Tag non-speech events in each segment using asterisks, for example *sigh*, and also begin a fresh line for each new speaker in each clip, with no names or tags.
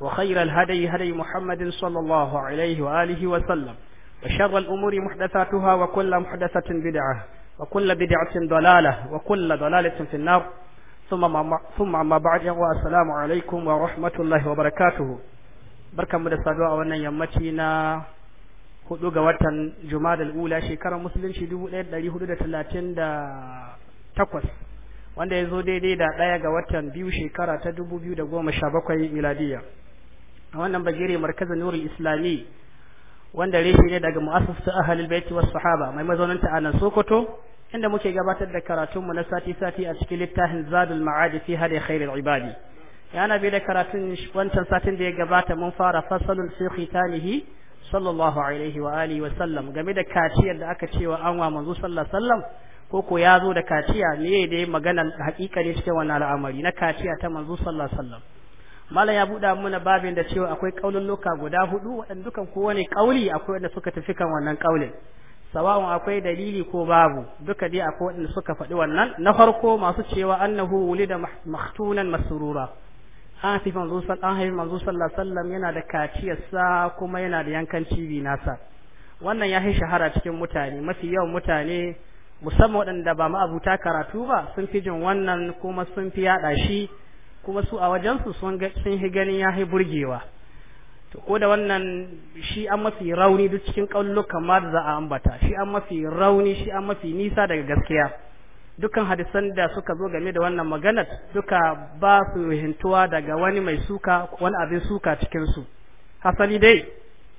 وخير الهدي هدي محمد صلى الله عليه وآله وسلم وشر الأمور محدثاتها وكل محدثة بدعة وكل بدعة ضلالة وكل ضلالة في النار ثم ما ثم ما بعد السلام عليكم ورحمة الله وبركاته بركة مدسادوا وانا يمتينا hudu ga watan Jumadal Ula shekarar musulunci 1438 wanda ya zo daidai da ɗaya ga watan biyu shekara ta 2017 miladiya a wannan bagire markaza nurul islami wanda reshe ne daga mu'assasatu ahlul baiti was sahaba mai mazaunin ta anan Sokoto inda muke gabatar da karatun mu na sati sati a cikin littafin Zadul Ma'ad fi hadi khairul ibadi ya nabi da karatun wancan satin da ya gabata mun fara fasalul fi khitanihi sallallahu alaihi wa alihi wa sallam game da kaciyar da aka cewa an wa manzo sallallahu ko ko ya zo da kaciya ne da magana hakika ne cikin wannan al'amari na kaciya ta manzo sallallahu alaihi malam ya buɗa mana babin da cewa akwai loka guda hudu waɗanda dukan kowane kauli akwai waɗanda suka tafi kan wannan kaulin sawa'un akwai dalili ko babu duka dai akwai waɗanda suka faɗi wannan na farko masu cewa annahu wulida mahtunan masrura an haifi manzo an haifi manzo sallallahu alaihi wasallam yana da kaciyarsa kuma yana da yankan cibi nasa wannan ya fi shahara cikin mutane mafi yawan mutane musamman waɗanda ba ma'abuta karatu ba sun fi jin wannan kuma sun fi yaɗa shi kuma su a wajensu sun yi ganin ya burgewa to ko da wannan shi an mafi rauni duk cikin kallo ma da za a ambata shi an mafi rauni shi an mafi nisa daga gaskiya dukkan hadisan da suka zo game da wannan maganar duka ba su hintuwa daga wani mai suka wani abin suka cikin su hasali dai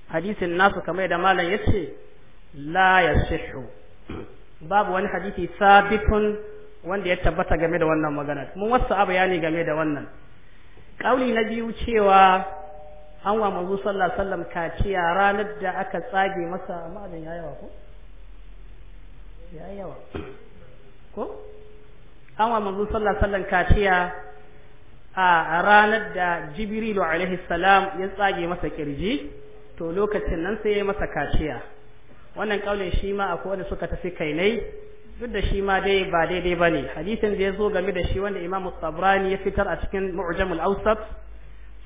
hadisin nasu kamar da malam yace ce la yasihu babu wani hadisi sabitun wanda ya tabbata game da wannan magana mun wasu abu ya ne game da wannan kauli na biyu cewa an wa mazu sallallahu alaihi kaciya ranar da aka tsage masa ma'adin ya yawa ko ya yawa ko an wa mazu sallallahu alaihi kaciya a ranar da jibrilu alaihi salam ya tsage masa kirji to lokacin nan sai ya masa kaciya wannan kaulin shi ma akwai wanda suka tafi kainai duk da shi ma dai ba daidai ba ne hadisin da ya zo game da shi wanda imam sabrani ya fitar a cikin mu'jamul awsat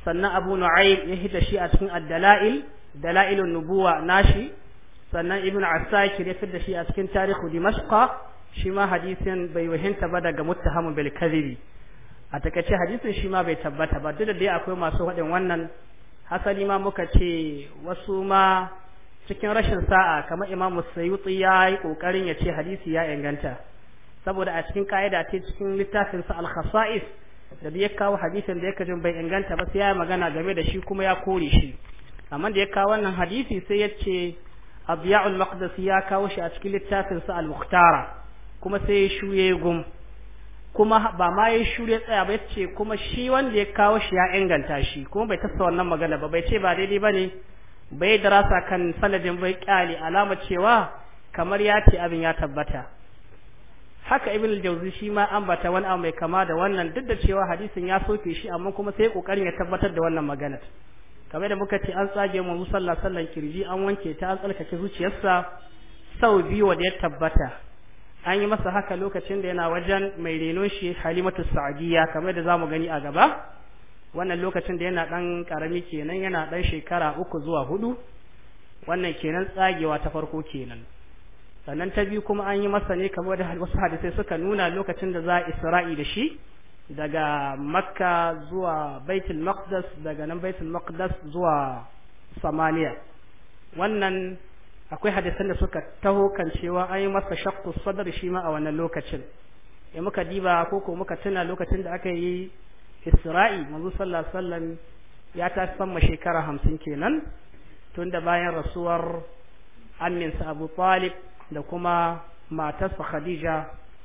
sannan abu nu'aym ya hita shi a cikin ad-dala'il dalailun nubuwa nashi sannan ibnu asakir ya fitar da shi a cikin tarihu dimashqa shi ma hadisin bai wahinta ba daga muttahamun bil kadhibi a takaice hadisin shi ma bai tabbata ba duk da dai akwai masu haɗin wannan hasali ma muka ce wasu ma cikin rashin sa'a kamar Imam Sayyuti ya yi kokarin ya ce hadisi ya inganta saboda a cikin ka'ida ta cikin littafin sa al-khasa'is da ya kawo hadisin da yake jin bai inganta ba sai ya magana game da shi kuma ya kore shi amma da ya kawo wannan hadisi sai ya ce Abiya'ul Maqdisi ya kawo shi a cikin littafin sa al-Mukhtara kuma sai ya shuye gum kuma ba ma ya shure tsaya ba ce kuma shi wanda ya kawo shi ya inganta shi kuma bai tasa wannan magana ba bai ce ba daidai ba ne bai darasa kan sanadin bai kyale alama cewa kamar ya ce abin ya tabbata haka ibn al-jawzi shi ma ambata wani abu mai kama da wannan duk da cewa hadisin ya soke shi amma kuma sai kokarin ya tabbatar da wannan magana kamar da muka ce an tsage mu musalla wasallam kirji an wanke ta an tsalkake zuciyarsa sau biyu wanda ya tabbata an yi masa haka lokacin da yana wajen mai renon shi halimatu sa'adiyya kamar da zamu gani a gaba wannan lokacin da yana ɗan ƙarami kenan yana ɗan shekara uku zuwa hudu wannan kenan tsagewa ta farko kenan sannan ta biyu kuma an yi masa ne kamar da wasu hadisai suka nuna lokacin da za a isra'i da shi daga makka zuwa baitul maqdis daga nan baitul maqdis zuwa samaniya wannan akwai hadisan da suka taho kan cewa an yi masa shakku sadar shi ma a wannan lokacin ya muka diba ko ko muka tuna lokacin da aka yi isra'i manzo sallallahu ya ta sama shekara hamsin kenan tun da bayan rasuwar aminsa abu talib da kuma matarsa khadija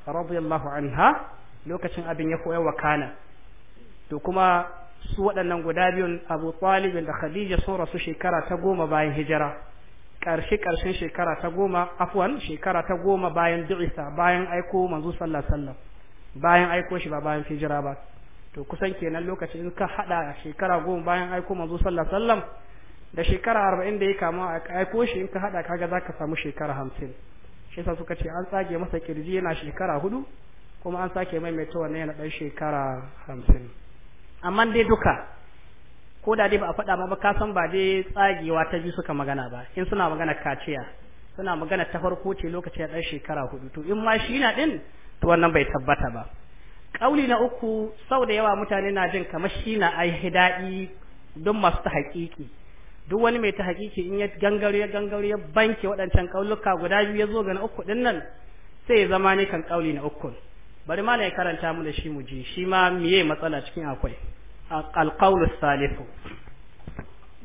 radiyallahu anha lokacin abin ya koya kana to kuma su waɗannan guda biyun abu talib da khadija sun rasu shekara ta goma bayan hijira ƙarshe ƙarshen shekara ta goma afwan shekara ta goma bayan du'isa bayan aiko manzo sallallahu alaihi wasallam bayan aiko shi ba bayan hijira ba to kusan kenan lokacin ka hada shekara goma bayan aiko manzo sallallahu alaihi da shekara arba'in da ya kama a aiko shi in ka hada kaga zaka samu shekara hamsin shi yasa suka ce an tsage masa kirji yana shekara hudu kuma an sake maimaita wannan yana dan shekara hamsin amma dai duka ko da dai ba a faɗa ma ba ka san ba dai tsagewa ta biyu suka magana ba in suna magana kaciya suna magana ta farko ce lokaci a ɗan shekara hudu to in ma shi na ɗin to wannan bai tabbata ba ƙauli na uku sau da yawa mutane na jin kamar shi na ai daɗi don masu ta haƙiƙi duk wani mai ta haƙiƙi in ya gangaro ya gangaro ya banke waɗancan ƙaunuka guda biyu ya zo ga na uku ɗin nan sai ya zama ne kan kauli na uku bari ma na ya karanta mu da shi mu ji shi ma miye matsala cikin akwai alqaulu salifu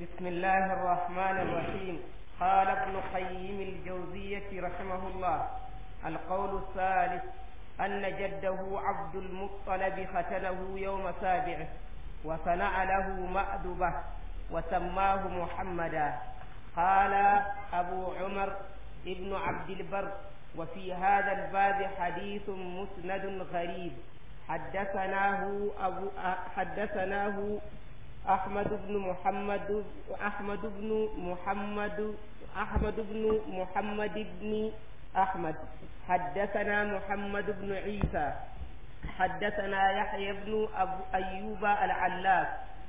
بسم الله الرحمن الرحيم قال ابن قيم الجوزية رحمه الله القول الثالث أن جده عبد المطلب ختنه يوم سابعه وصنع له مأدبة وسماه محمدا قال أبو عمر ابن عبد البر وفي هذا الباب حديث مسند غريب حدثناه أبو حدثناه أحمد بن محمد أحمد بن محمد أحمد بن محمد بن أحمد حدثنا محمد بن عيسى حدثنا يحيى بن أبو أيوب العلاف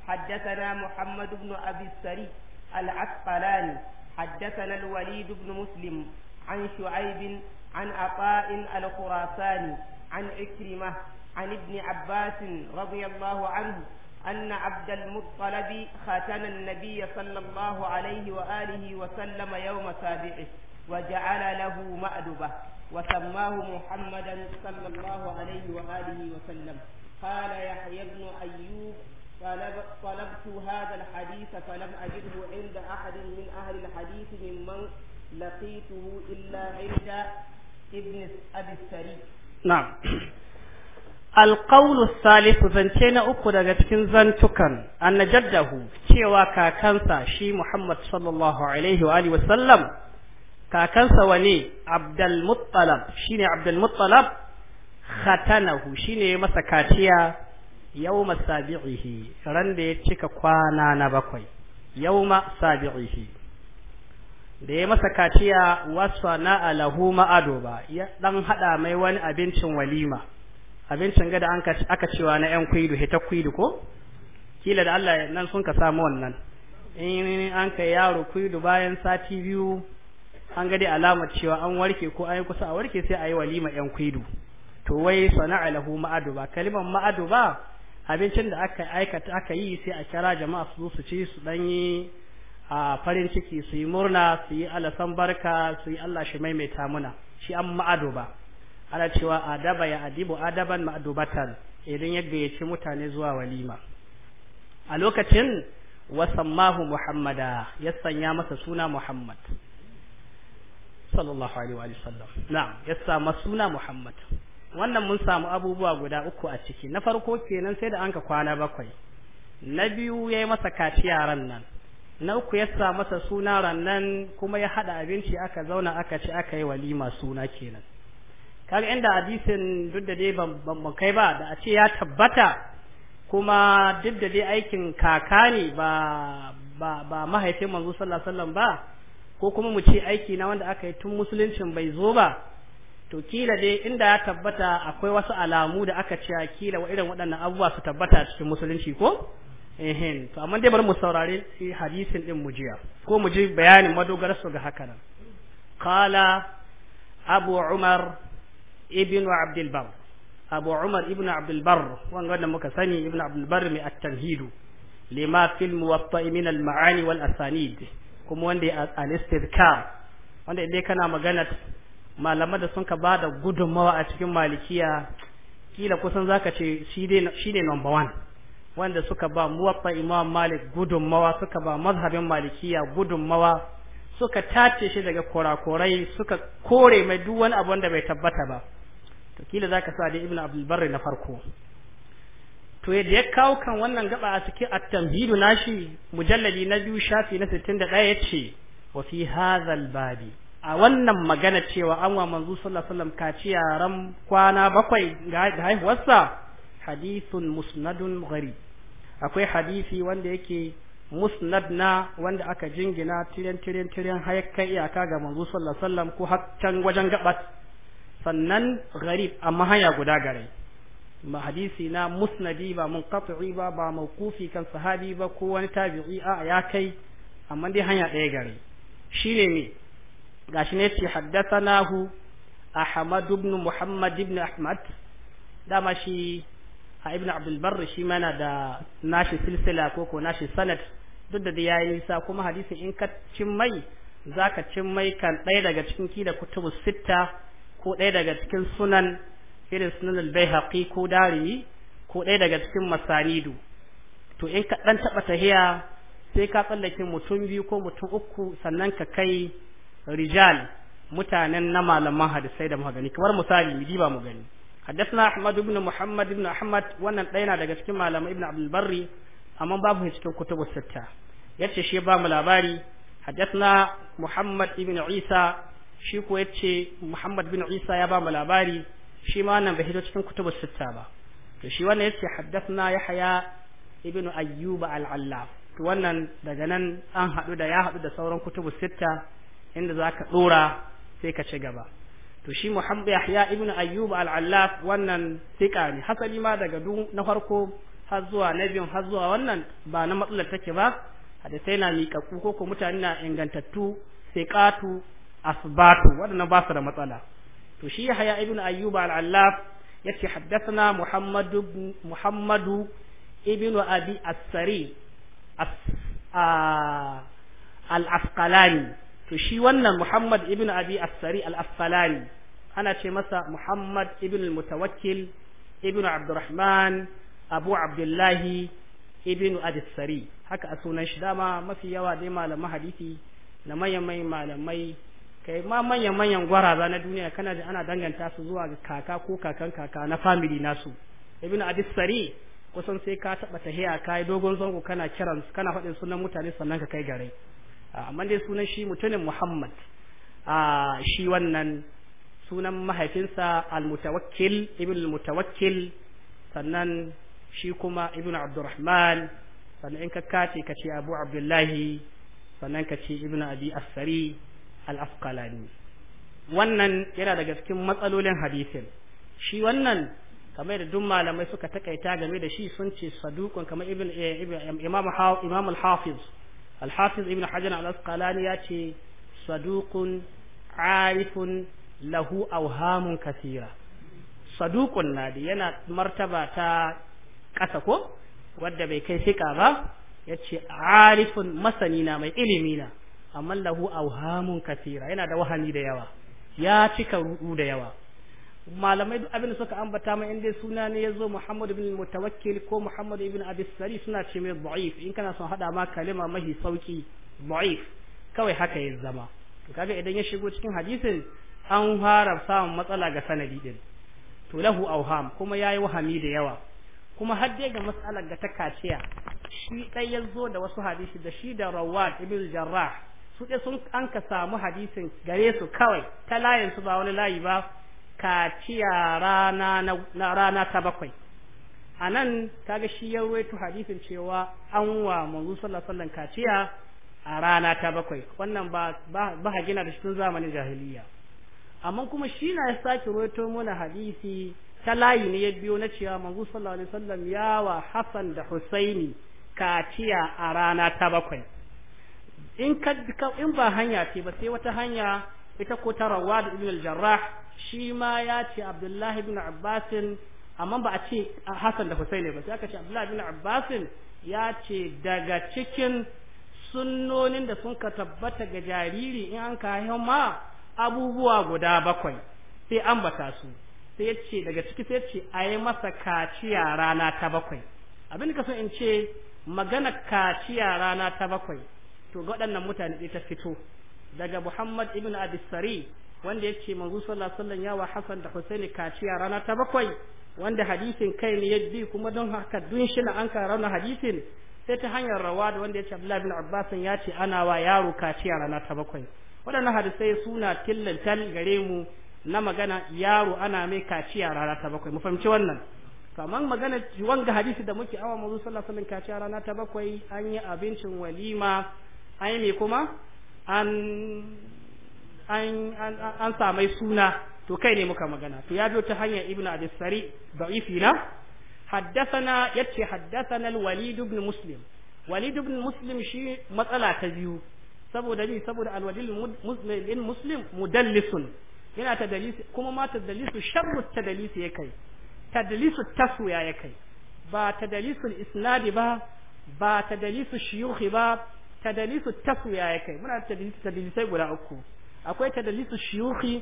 حدثنا محمد بن أبي السري العسقلاني حدثنا الوليد بن مسلم عن شعيب عن عطاء الخراساني عن عكرمة عن ابن عباس رضي الله عنه أن عبد المطلب ختن النبي صلى الله عليه وآله وسلم يوم سابعه وجعل له مأدبة وسماه محمدا صلى الله عليه وآله وسلم قال يحيى بن أيوب طلب طلبت هذا الحديث فلم أجده عند أحد من أهل الحديث ممن لقيته إلا عند ابن أبي
السري
نعم القول الثالث زنتين أكو daga cikin zantukan anna jaddahu cewa kakansa shi Muhammad sallallahu alaihi wa alihi wa sallam kakansa wane Abdul shi ne Abdul Muttalib khatanahu ne masa kaciya yawma sabi'ihi ran da ya cika kwana na bakwai yawma sabi'ihi da ya masa kaciya wasu na alahu ma'ado ba ya dan hada mai wani abincin walima abincin gada an aka cewa na yan kwidu hita kuidu ko kila da Allah nan sun ka samu wannan in an ka yaro kwidu bayan sati biyu an ga dai alamar cewa an warke ko an yi kusa a warke sai a yi walima yan kwidu to wai sana'a lahu ma'adu ba kalimar ma'adu abincin da aka aikata aka yi sai a kira jama'a su su ci su dan yi a farin ciki su yi murna su yi alasan barka su yi Allah shi maimaita muna shi an ma'adu ana cewa adaba ya adibu adaban ma'adubatan idan ya gayyaci mutane zuwa walima a lokacin wasan mahu muhammada ya sanya masa suna muhammad sallallahu alaihi wa sallam na'am ya samu suna Muhammad wannan mun samu abubuwa guda uku a ciki na farko kenan sai da anka kwana bakwai na biyu yayi masa kaciya rannan nan na uku ya sa masa suna rannan kuma ya hada abinci aka zauna aka ci aka yi walima suna kenan kaga inda hadisin duk da dai ban kai ba da a ce ya tabbata kuma duk da dai aikin kaka ne ba ba ba mahaifin manzo sallallahu alaihi wasallam ba ko kuma mu ce aiki na wanda aka yi tun musuluncin bai zo ba to kila dai inda ya tabbata akwai wasu alamu da aka ce kila wa irin waɗannan abubuwa su tabbata cikin musulunci ko ehin to amma dai bari mu saurari hadisin din mujiya ko mu ji bayanin madogarar su ga haka nan qala abu umar Ibn abdul bar abu umar abd abdul bar wanga da muka sani Ibn abdul bar mai at-tamhidu lima fil muwatta'i min al-ma'ani wal asanid kuma wanda ya al ka wanda idan kana magana malamai da sun ka ba da gudunmawa a cikin malikiya kila kusan zaka ce shi ne number one wanda suka ba muwaffa imam malik gudunmawa suka ba mazhabin malikiya gudunmawa suka tace shi daga korakorai suka kore mai duk wani abu wanda bai tabbata ba to kila zaka sa da ibnu abdul barri na farko to yadda ya kawo kan wannan gaba a cikin at na nashi mujalladi na biyu shafi na 61 yace wa fi hazal babi a wannan magana cewa an wa manzo sallallahu alaihi wasallam kaciya ran kwana bakwai ga haihuwarsa hadithun musnadun gari. akwai hadisi wanda yake musnad na wanda aka jingina tiren tiren tiren hayakkan iyaka ga manzo sallallahu alaihi wasallam ko har wajen gabas sannan gharib amma hanya guda gare ma hadisi na musnadi ba munqati ba ba mawqufi kan sahabi ba ko wani tabi'i a ya kai amma dai hanya ɗaya gare shine ga gashi ne ce haddathanahu ahmad ibn muhammad ibn ahmad dama shi a ibn abdul shi mana da nashi silsila ko ko nashi sanad duk da da yayi nisa kuma hadisin in ka cin mai zaka cin mai kan ɗaya daga cikin kida kutubu sitta ko ɗaya daga cikin sunan irin sunan al haƙi ko dari ko ɗaya daga cikin masanidu to in ka ɗan taɓa tahiya sai ka tsallake mutum biyu ko mutum uku sannan ka kai rijal mutanen na malaman hadisai da magani kamar misali mu ba mu gani Ahmad أحمد Muhammad محمد Ahmad wannan ɗaya na daga cikin malamai ibn Abdul amma babu cikin kutubus sitta yace shi ba mu labari حدثنا Muhammad بن عيسى shi ko yace Muhammad bin Isa ya ba mu labari shi ma wannan bai hito cikin kutubu sitta ba to shi wannan yace haddathna yahya ibnu ayyuba al-allaf to wannan daga nan an hadu da ya hadu da sauran kutubu sitta inda zaka dora sai ka ci gaba to shi muhammad yahya ibnu ayyuba al-allaf wannan tika ne hasali ma daga duk na farko har zuwa na biyu har zuwa wannan ba na matsalar take ba hadisai na miƙaƙƙu ko ko mutane na ingantattu sai ƙatu asbatu wannan ba su da matsala to shi haya ibn Ayyub al-Allaf yace haddathana Muhammad Muhammad ibn Abi As-Sari al-Asqalani to shi wannan Muhammad ibn Abi As-Sari al-Asqalani ana ce masa Muhammad ibn al-Mutawakkil ibn Abdurrahman Abu Abdullahi ibn Adissari haka a sunan shi dama mafi yawa dai malaman hadisi na mayan malamai kai ma manyan manyan gwaraza na duniya kana da ana danganta su zuwa ga kaka ko kakan kaka na family nasu ibnu abis sari kusan sai ka taba tahiya kai dogon zango kana kiran kana faɗin sunan mutane sannan ka kai gare amma dai sunan shi mutumin muhammad a shi wannan sunan mahaifinsa al-mutawakkil ibn al sannan shi kuma ibn abdurrahman sannan in ka kace ka abu abdullahi sannan ka ce ibn abi as al-asqalani wannan yana daga cikin matsalolin hadisin shi wannan kamar da duk malamai suka takaita game da shi sun ce saduqun kamar ibn eh, eh, imam imam al-hafiz al-hafiz ibn hajar al-asqalani ya ce saduqun arifun lahu awhamun kathira saduqun da yana martaba ta kasa ko wadda bai kai fika ba yace arifun masani na mai ilimi na amma lahu awhamun katira yana da wahani da yawa ya cika rudu da yawa malamai duk abin da suka ambata mai inda suna ne yazo Muhammad ibn Mutawakkil ko Muhammad ibn Abi Sari suna ce mai dha'if in kana son hada ma kalima mahi sauki dha'if kawai haka ya zama to kaga idan ya shigo cikin hadisin an fara samun matsala ga sanadi din to lahu awham kuma yayi wahami da yawa kuma har dai ga mas'alar ga ta kaciya shi dai yazo da wasu hadisi da shi da Rawad ibn Jarrah su sun an ka samu hadisin gare su kawai ta layin su ba wani layi ba kaciya rana na rana ta bakwai a nan kaga shi ya ruwaito hadisin cewa an wa manzo sallallahu alaihi wasallam kaciya a rana ta bakwai wannan ba ba ha gina da shi tun zamanin jahiliya amma kuma shi na ya sake ruwaito mana hadisi ta layi ne ya biyo na cewa manzo sallallahu alaihi ya wa Hassan da Husaini kaciya a rana ta bakwai in ka in ba hanya ce ba sai wata hanya ita ko ta Rawad ibn al-Jarrah shi ma ya ce Abdullahi ibn Abbas amma ba a ce Hassan da Husaini ba sai aka ce Abdullahi ibn Abbas ya ce daga cikin sunnonin da sun ka tabbata ga jariri in an kayan ma abubuwa guda bakwai sai an bata su sai ya ce daga ciki sai ya ce a yi masa kaciya rana ta bakwai abin da ka so in ce magana kaciya rana ta bakwai to ga waɗannan mutane ɗaya ta fito daga Muhammad ibn Abisari Sari wanda ya manzo sallallahu alaihi wasallam yawa Hassan da Husaini kaciya rana ta bakwai wanda hadisin kai ne ya bi kuma don haka dun shi na an rana hadisin sai ta hanyar rawa da wanda ce Abdullahi ibn Abbas ya ce ana wa yaro kaciya rana ta bakwai waɗannan hadisai suna tillantal gare mu na magana yaro ana mai kaciya rana ta bakwai mu fahimci wannan kamar magana wanga hadisi da muke awa mazu sallallahu alaihi kaciya rana ta bakwai an yi abincin walima an yi mai kuma an samai suna to kai ne muka magana to ya biyo ta hanyar Ibn Abisari sari da'ifi na haddathana yace haddathana al-walid ibn muslim walid ibn muslim shi matsala ta biyu saboda ni saboda al-walid muslim muslim mudallisun yana tadalisi kuma ma ta tadalisu sharru ta yake tadalisu ya kai ba ta tadalisul isnadi ba ba tadalisu shiyukhi ba tadalisu taswiya ya kai muna tadalisu tadalisai guda uku akwai tadalisu shiyuhi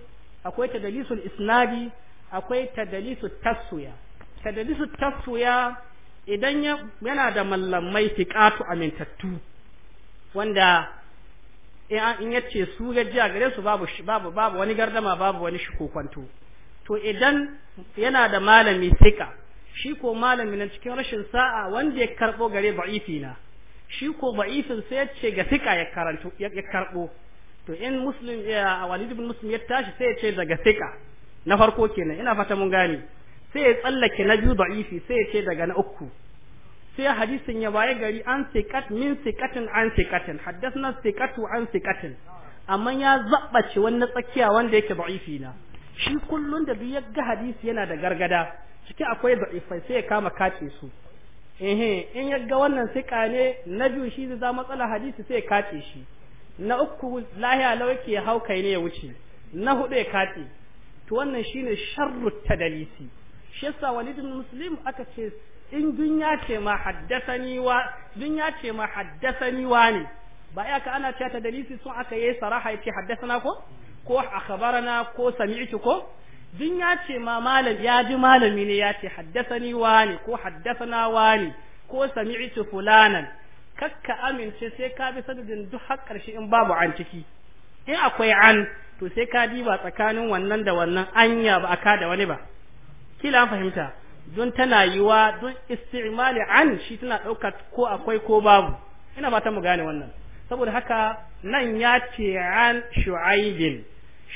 akwai tadalisu isnadi akwai tadalisu taswiya tadalisu taswiya idan yana da mallamai fiqatu amintattu wanda in ya ce su gajiya gare su babu babu babu wani gardama babu wani shikokwanto to idan yana da malami fiqa shi ko malami na cikin rashin sa'a wanda ya karbo gare ba'ifi shi ko da'ifin sai ya ce ga sika ya karanto ya karbo to in muslim ya walid ibn muslim ya tashi sai ya ce daga sika na farko kenan ina fata mun gane sai ya tsallake na biyu ba'ifi sai ya ce daga na uku sai hadisin ya baya gari an sikat min sikatin an sikatin haddasna sikatu an sikatin amma ya zabbace wannan tsakiya wanda yake ba'ifi na shi kullum da duk ya ga hadisi yana da gargada cikin akwai da'ifai sai ya kama kace su ehe in ya ga wannan sika ne na biyu shi zai za matsala hadisi sai kace shi na uku lahiya lauke ya hauka ne ya wuce na hudu ya kace to wannan shine sharru tadalisi shi yasa walid muslim aka ce in dunya ce ma haddasani wa dunya ce ma haddasani wa ne ba ya ka ana cewa tadalisi sun aka yi saraha yace haddasana ko ko akhbarana ko sami'tu ko din ya ce ma malam ya ji malami ne ya ce haddasani wani ko haddasana wani ko sami'tu fulanan kakka amince sai ka bi sanadin duk har karshe in babu an ciki in akwai an to sai ka ba tsakanin wannan da wannan anya ba aka da wani ba kila an fahimta don tana yiwa don istimali an shi tana ɗaukar ko akwai ko babu ina fatan mu gane wannan saboda haka nan ya ce an shu'aibin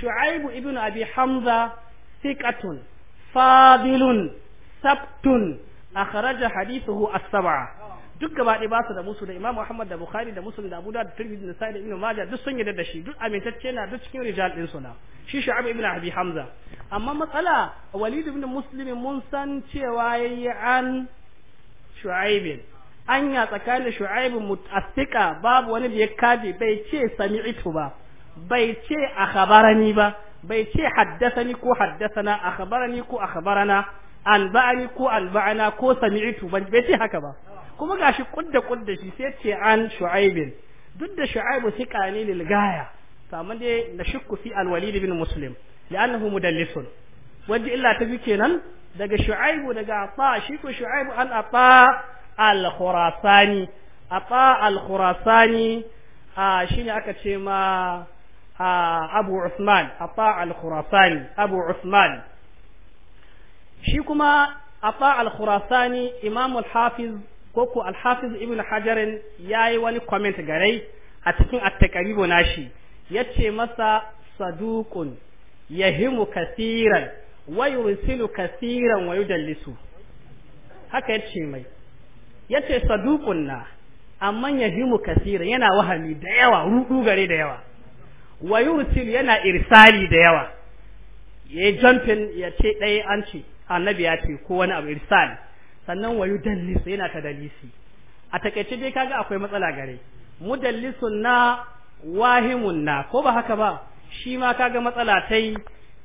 shu'aibu ibnu abi hamza ثقة فاضل سبت أخرج حديثه السبعة duk gaba ɗaya ba su da musu da Imam Ahmad da Bukhari da Muslim da Abu Dawud da Tirmidhi da Nasa'i da Ibn Majah duk sun yarda da shi duk amintacce na duk cikin rijal din suna shi Shu'aib ibn Abi Hamza amma matsala Walid ibn Muslim mun san cewa yayi an Shu'aib anya tsakanin Shu'aib mutasika babu wani da ya kaje bai ce sami'tu ba bai ce akhbarani ba bai ce haddasani ko haddasana akhbarani ko akhbarana alba'ani ko anba'ana ko sami'tu ban bai ce haka ba kuma gashi kudda kudda shi sai ce an shu'aibin duk da shu'aibu thiqa ne lil gaya to dai na shukku fi al-walid bin muslim li'annahu mudallisun waje illa ta fi kenan daga shu'aibu daga ata shi ko shu'aibu an ata al-khurasani ata al-khurasani a shine aka ce ma abu usman afa al-khurasani abu usman shi kuma afa al-khurasani imam al-hafiz koko al-hafiz ibn hajarin ya yi wani comment garai a cikin at-taqribu nashi yace masa saduqun yahimu kasiran wa yursilu kasiran wa yudallisu haka yace mai yace saduqun na amma yahimu kasiran yana wahami da yawa rudu gare da yawa wa yursil yana irsali da yawa ya jumping ya ce ɗaya an ce annabi ya ce ko wani abu irsal sannan wa yudallis yana ta dalisi a takaice dai kaga akwai matsala gare mudallisun na wahimun na ko ba haka ba shi ma kaga matsala ta yi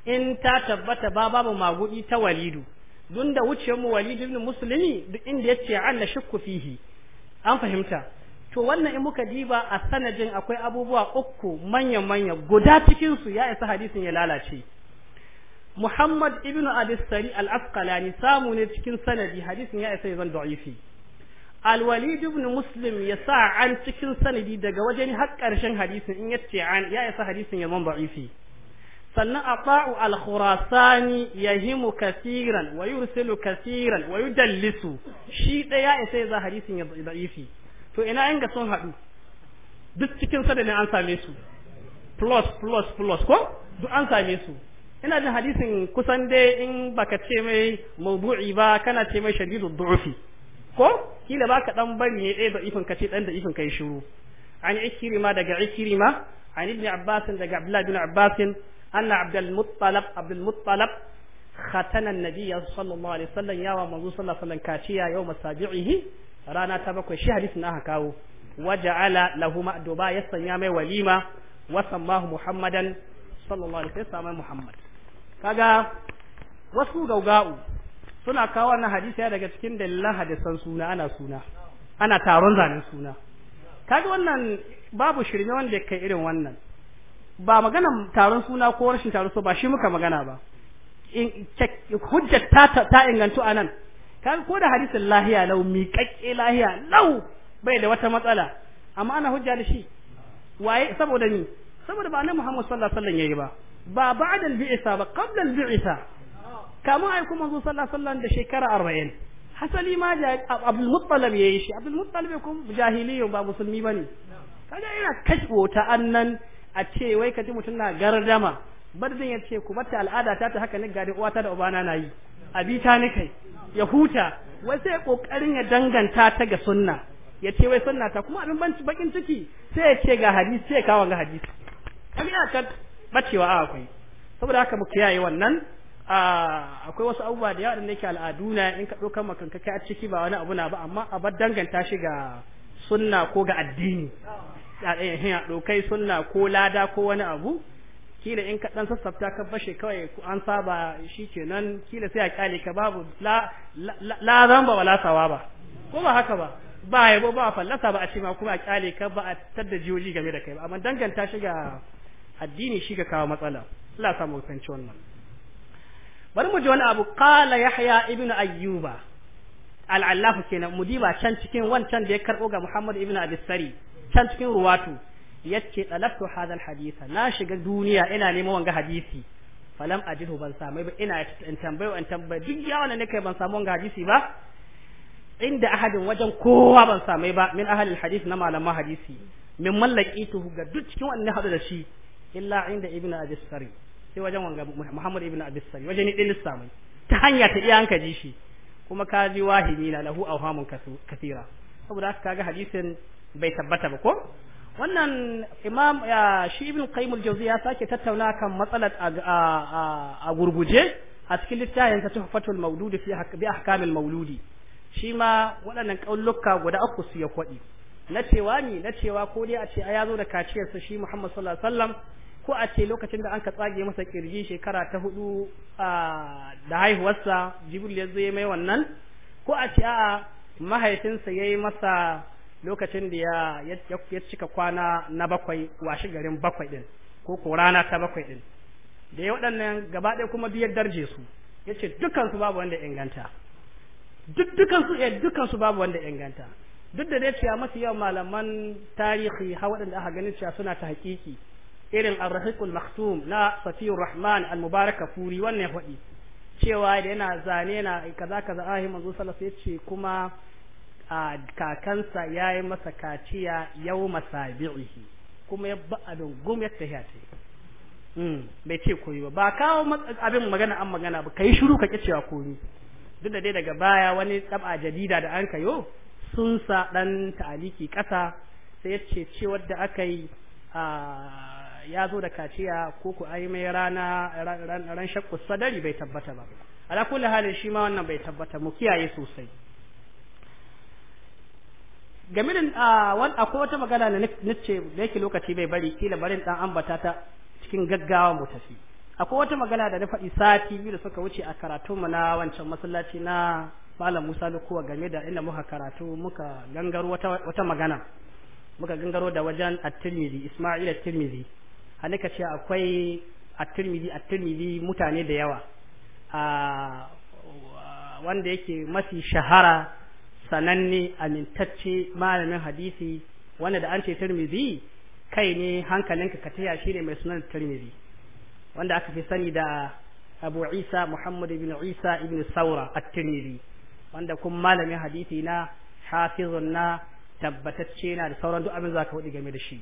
in ta tabbata ba babu magudi ta walidu dun da wuce mu walidu ibn muslimi duk inda yace anna shakku fihi an fahimta to wannan in muka diba a sanadin akwai abubuwa uku manya manya guda cikinsu ya isa hadisin ya lalace Muhammad ibn Abi Sari al-Asqalani samu ne cikin sanadi hadisin ya isa ya zan da'ifi al ibn Muslim ya sa an cikin sanadi daga wajen har ƙarshen hadisin in yace an ya isa hadisin ya zan da'ifi sannan ata'u al-khurasani yahimu kasiran wa yursilu kasiran wa yudallisu shi ɗaya isa ya za hadisin ya da'ifi to ina yanga sun haɗu duk cikin ne an same su plus plus plus ko duk an same su ina jin hadisin kusan dai in baka ce mai mabu'i ba kana ce mai shadidu du'ufi ko kila baka dan bari ne da ifin kace dan da ifin kai shiru an ikrima daga ikrima an ibn abbas daga abdullah ibn abbas anna abdul muttalib abdul muttalib khatana an-nabiy sallallahu alaihi wasallam yawa manzo sallallahu alaihi wasallam kaciya yawm sabi'ihi rana ta bakwai shi hadisin aka kawo waja'ala lahu ma'duba ya sanya mai walima wa sammahu muhammadan sallallahu alaihi wasallam muhammad kaga wasu gauga'u suna kawo wannan hadisi daga cikin dalilan hadisan suna ana suna ana taron zanen suna kaga wannan babu shirme wanda ya kai irin wannan ba magana taron suna ko rashin taron so ba shi muka magana ba hujjar ta ingantu a nan kan ko da hadisin lahiya lau kakke lahiya lau bai da wata matsala amma ana hujja da shi waye saboda ni saboda ba annabi Muhammad sallallahu alaihi wasallam yayi ba ba ba'da al-bi'sa ba qabla al-bi'sa kamar ai kuma manzo sallallahu alaihi wasallam da shekara 40 hasali ma da Abdul Muttalib yayi shi Abdul Muttalib kun jahiliyo ba musulmi bane kaga ina kashwo ta annan a ce wai kaji mutum na gardama barzin ya ce ku bata al'ada ta ta haka ne ga da uwata da ubana na yi abi ta ni kai ya huta wai sai kokarin ya danganta ta ga sunna ya ce wai sunna ta kuma abin banci bakin ciki sai ya ce ga hadisi sai ya kawo ga hadisi kaga ya ka bacewa a akwai saboda haka mu kiyaye wannan akwai wasu abubuwa da yawa da yake al'adu na in ka ɗaukar makanka kai a ciki ba wani abu na ba amma a bar danganta shi ga sunna ko ga addini a eh, eh, ɗaukai sunna ko lada ko wani abu kila in ka dan sassafta ka bashe kawai an saba shi kenan kila sai a kyale ka babu la la zamba wala sawaba ko ba haka ba ba yabo ba fallasa ba a shi ma kuma a kyale ka ba a tadda jiyoyi game da kai ba amma danganta shi ga addini shi ga kawo matsala Allah samu fahimci wannan bari mu ji wani abu qala yahya ibnu ayyuba al allahu kenan mudiba can cikin wancan da ya karbo ga muhammad ibnu abisari can cikin ruwatu yace talaftu hadha alhaditha na shiga duniya ina neman wanga hadisi falam ajidu ban samu ba ina in tambayo in tambayo duk yawan ne kai ban samu wanga hadisi ba inda ahadin wajen kowa ban samu ba min ahlil hadith na malaman hadisi min mallakituhu ga duk cikin wannan hadu da shi illa inda ibnu abisari sai wajen wanga muhammad ibnu abisari wajen ni din samu ta hanya ta iya hanka ji shi kuma ka ji wahimina lahu awhamun kasira saboda haka kaga hadisin bai tabbata ba ko wannan imam shi ibn qayyim al-jawzi ya sake tattauna kan matsalar a gurguje a cikin littafin ta tuhfatul mawludi fi bi ahkamil mawludi shi ma waɗannan kauluka guda uku su ya kwadi na cewa ni na cewa ko dai a ce a yazo da kaciyar sa shi Muhammad sallallahu alaihi wasallam ko a ce lokacin da an ka tsage masa kirji shekara ta hudu da haihuwarsa Jibril ya zo mai wannan ko a ce a mahaifinsa yayi masa lokacin da ya ya cika kwana na bakwai washi garin bakwai din ko ko rana ta bakwai din da ya waɗannan gaba ɗaya kuma biyar darje su ce dukan su babu wanda inganta duk dukan su eh babu wanda inganta duk da dai cewa masu yawan malaman tarihi ha waɗanda aka ganin cewa suna ta hakiki irin ar maktum na safiyur rahman almubaraka mubarak furi wannan ya faɗi cewa da yana zane na kaza kaza ahi manzo sallallahu alaihi wasallam kuma a kakansa ya yi masa kaciya yau masabi'ihi kuma ya ba a dungum ya tafiya ta hmm, bai ce koyi ba ba kawo abin magana an magana ba ka yi shiru ka ƙi cewa koyi duk da dai daga baya wani tsaba jadida da an kayo sun sa ɗan ta'aliki ƙasa sai ya ce ce wadda aka yi ya zo da kaciya ko ku ai mai rana ran shakku sadari bai tabbata ba ala kulli halin shi ma wannan bai tabbata mu kiyaye sosai game da wani akwai wata magana da nace da yake lokaci bai bari kila barin dan ambata ta cikin gaggawa mu tafi akwai wata magana da na faɗi sati biyu da suka wuce a karatu mu na wancan masallaci na malam Musa Lukuwa game da inda muka karatu muka gangaro wata wata magana muka gangaro da wajen At-Tirmidhi Isma'il At-Tirmidhi halika ce akwai At-Tirmidhi At-Tirmidhi mutane da yawa a wanda yake mafi shahara sananne amintacce malamin hadisi wanda da an ce tirmizi kai ne hankalinka ka taya shi ne mai sunan tirmizi wanda aka fi sani da abu isa muhammad ibn isa ibn saura a tirmizi wanda kun malamin hadisi na hafizun na tabbatacce na da sauran duk abin za ka hudu game da shi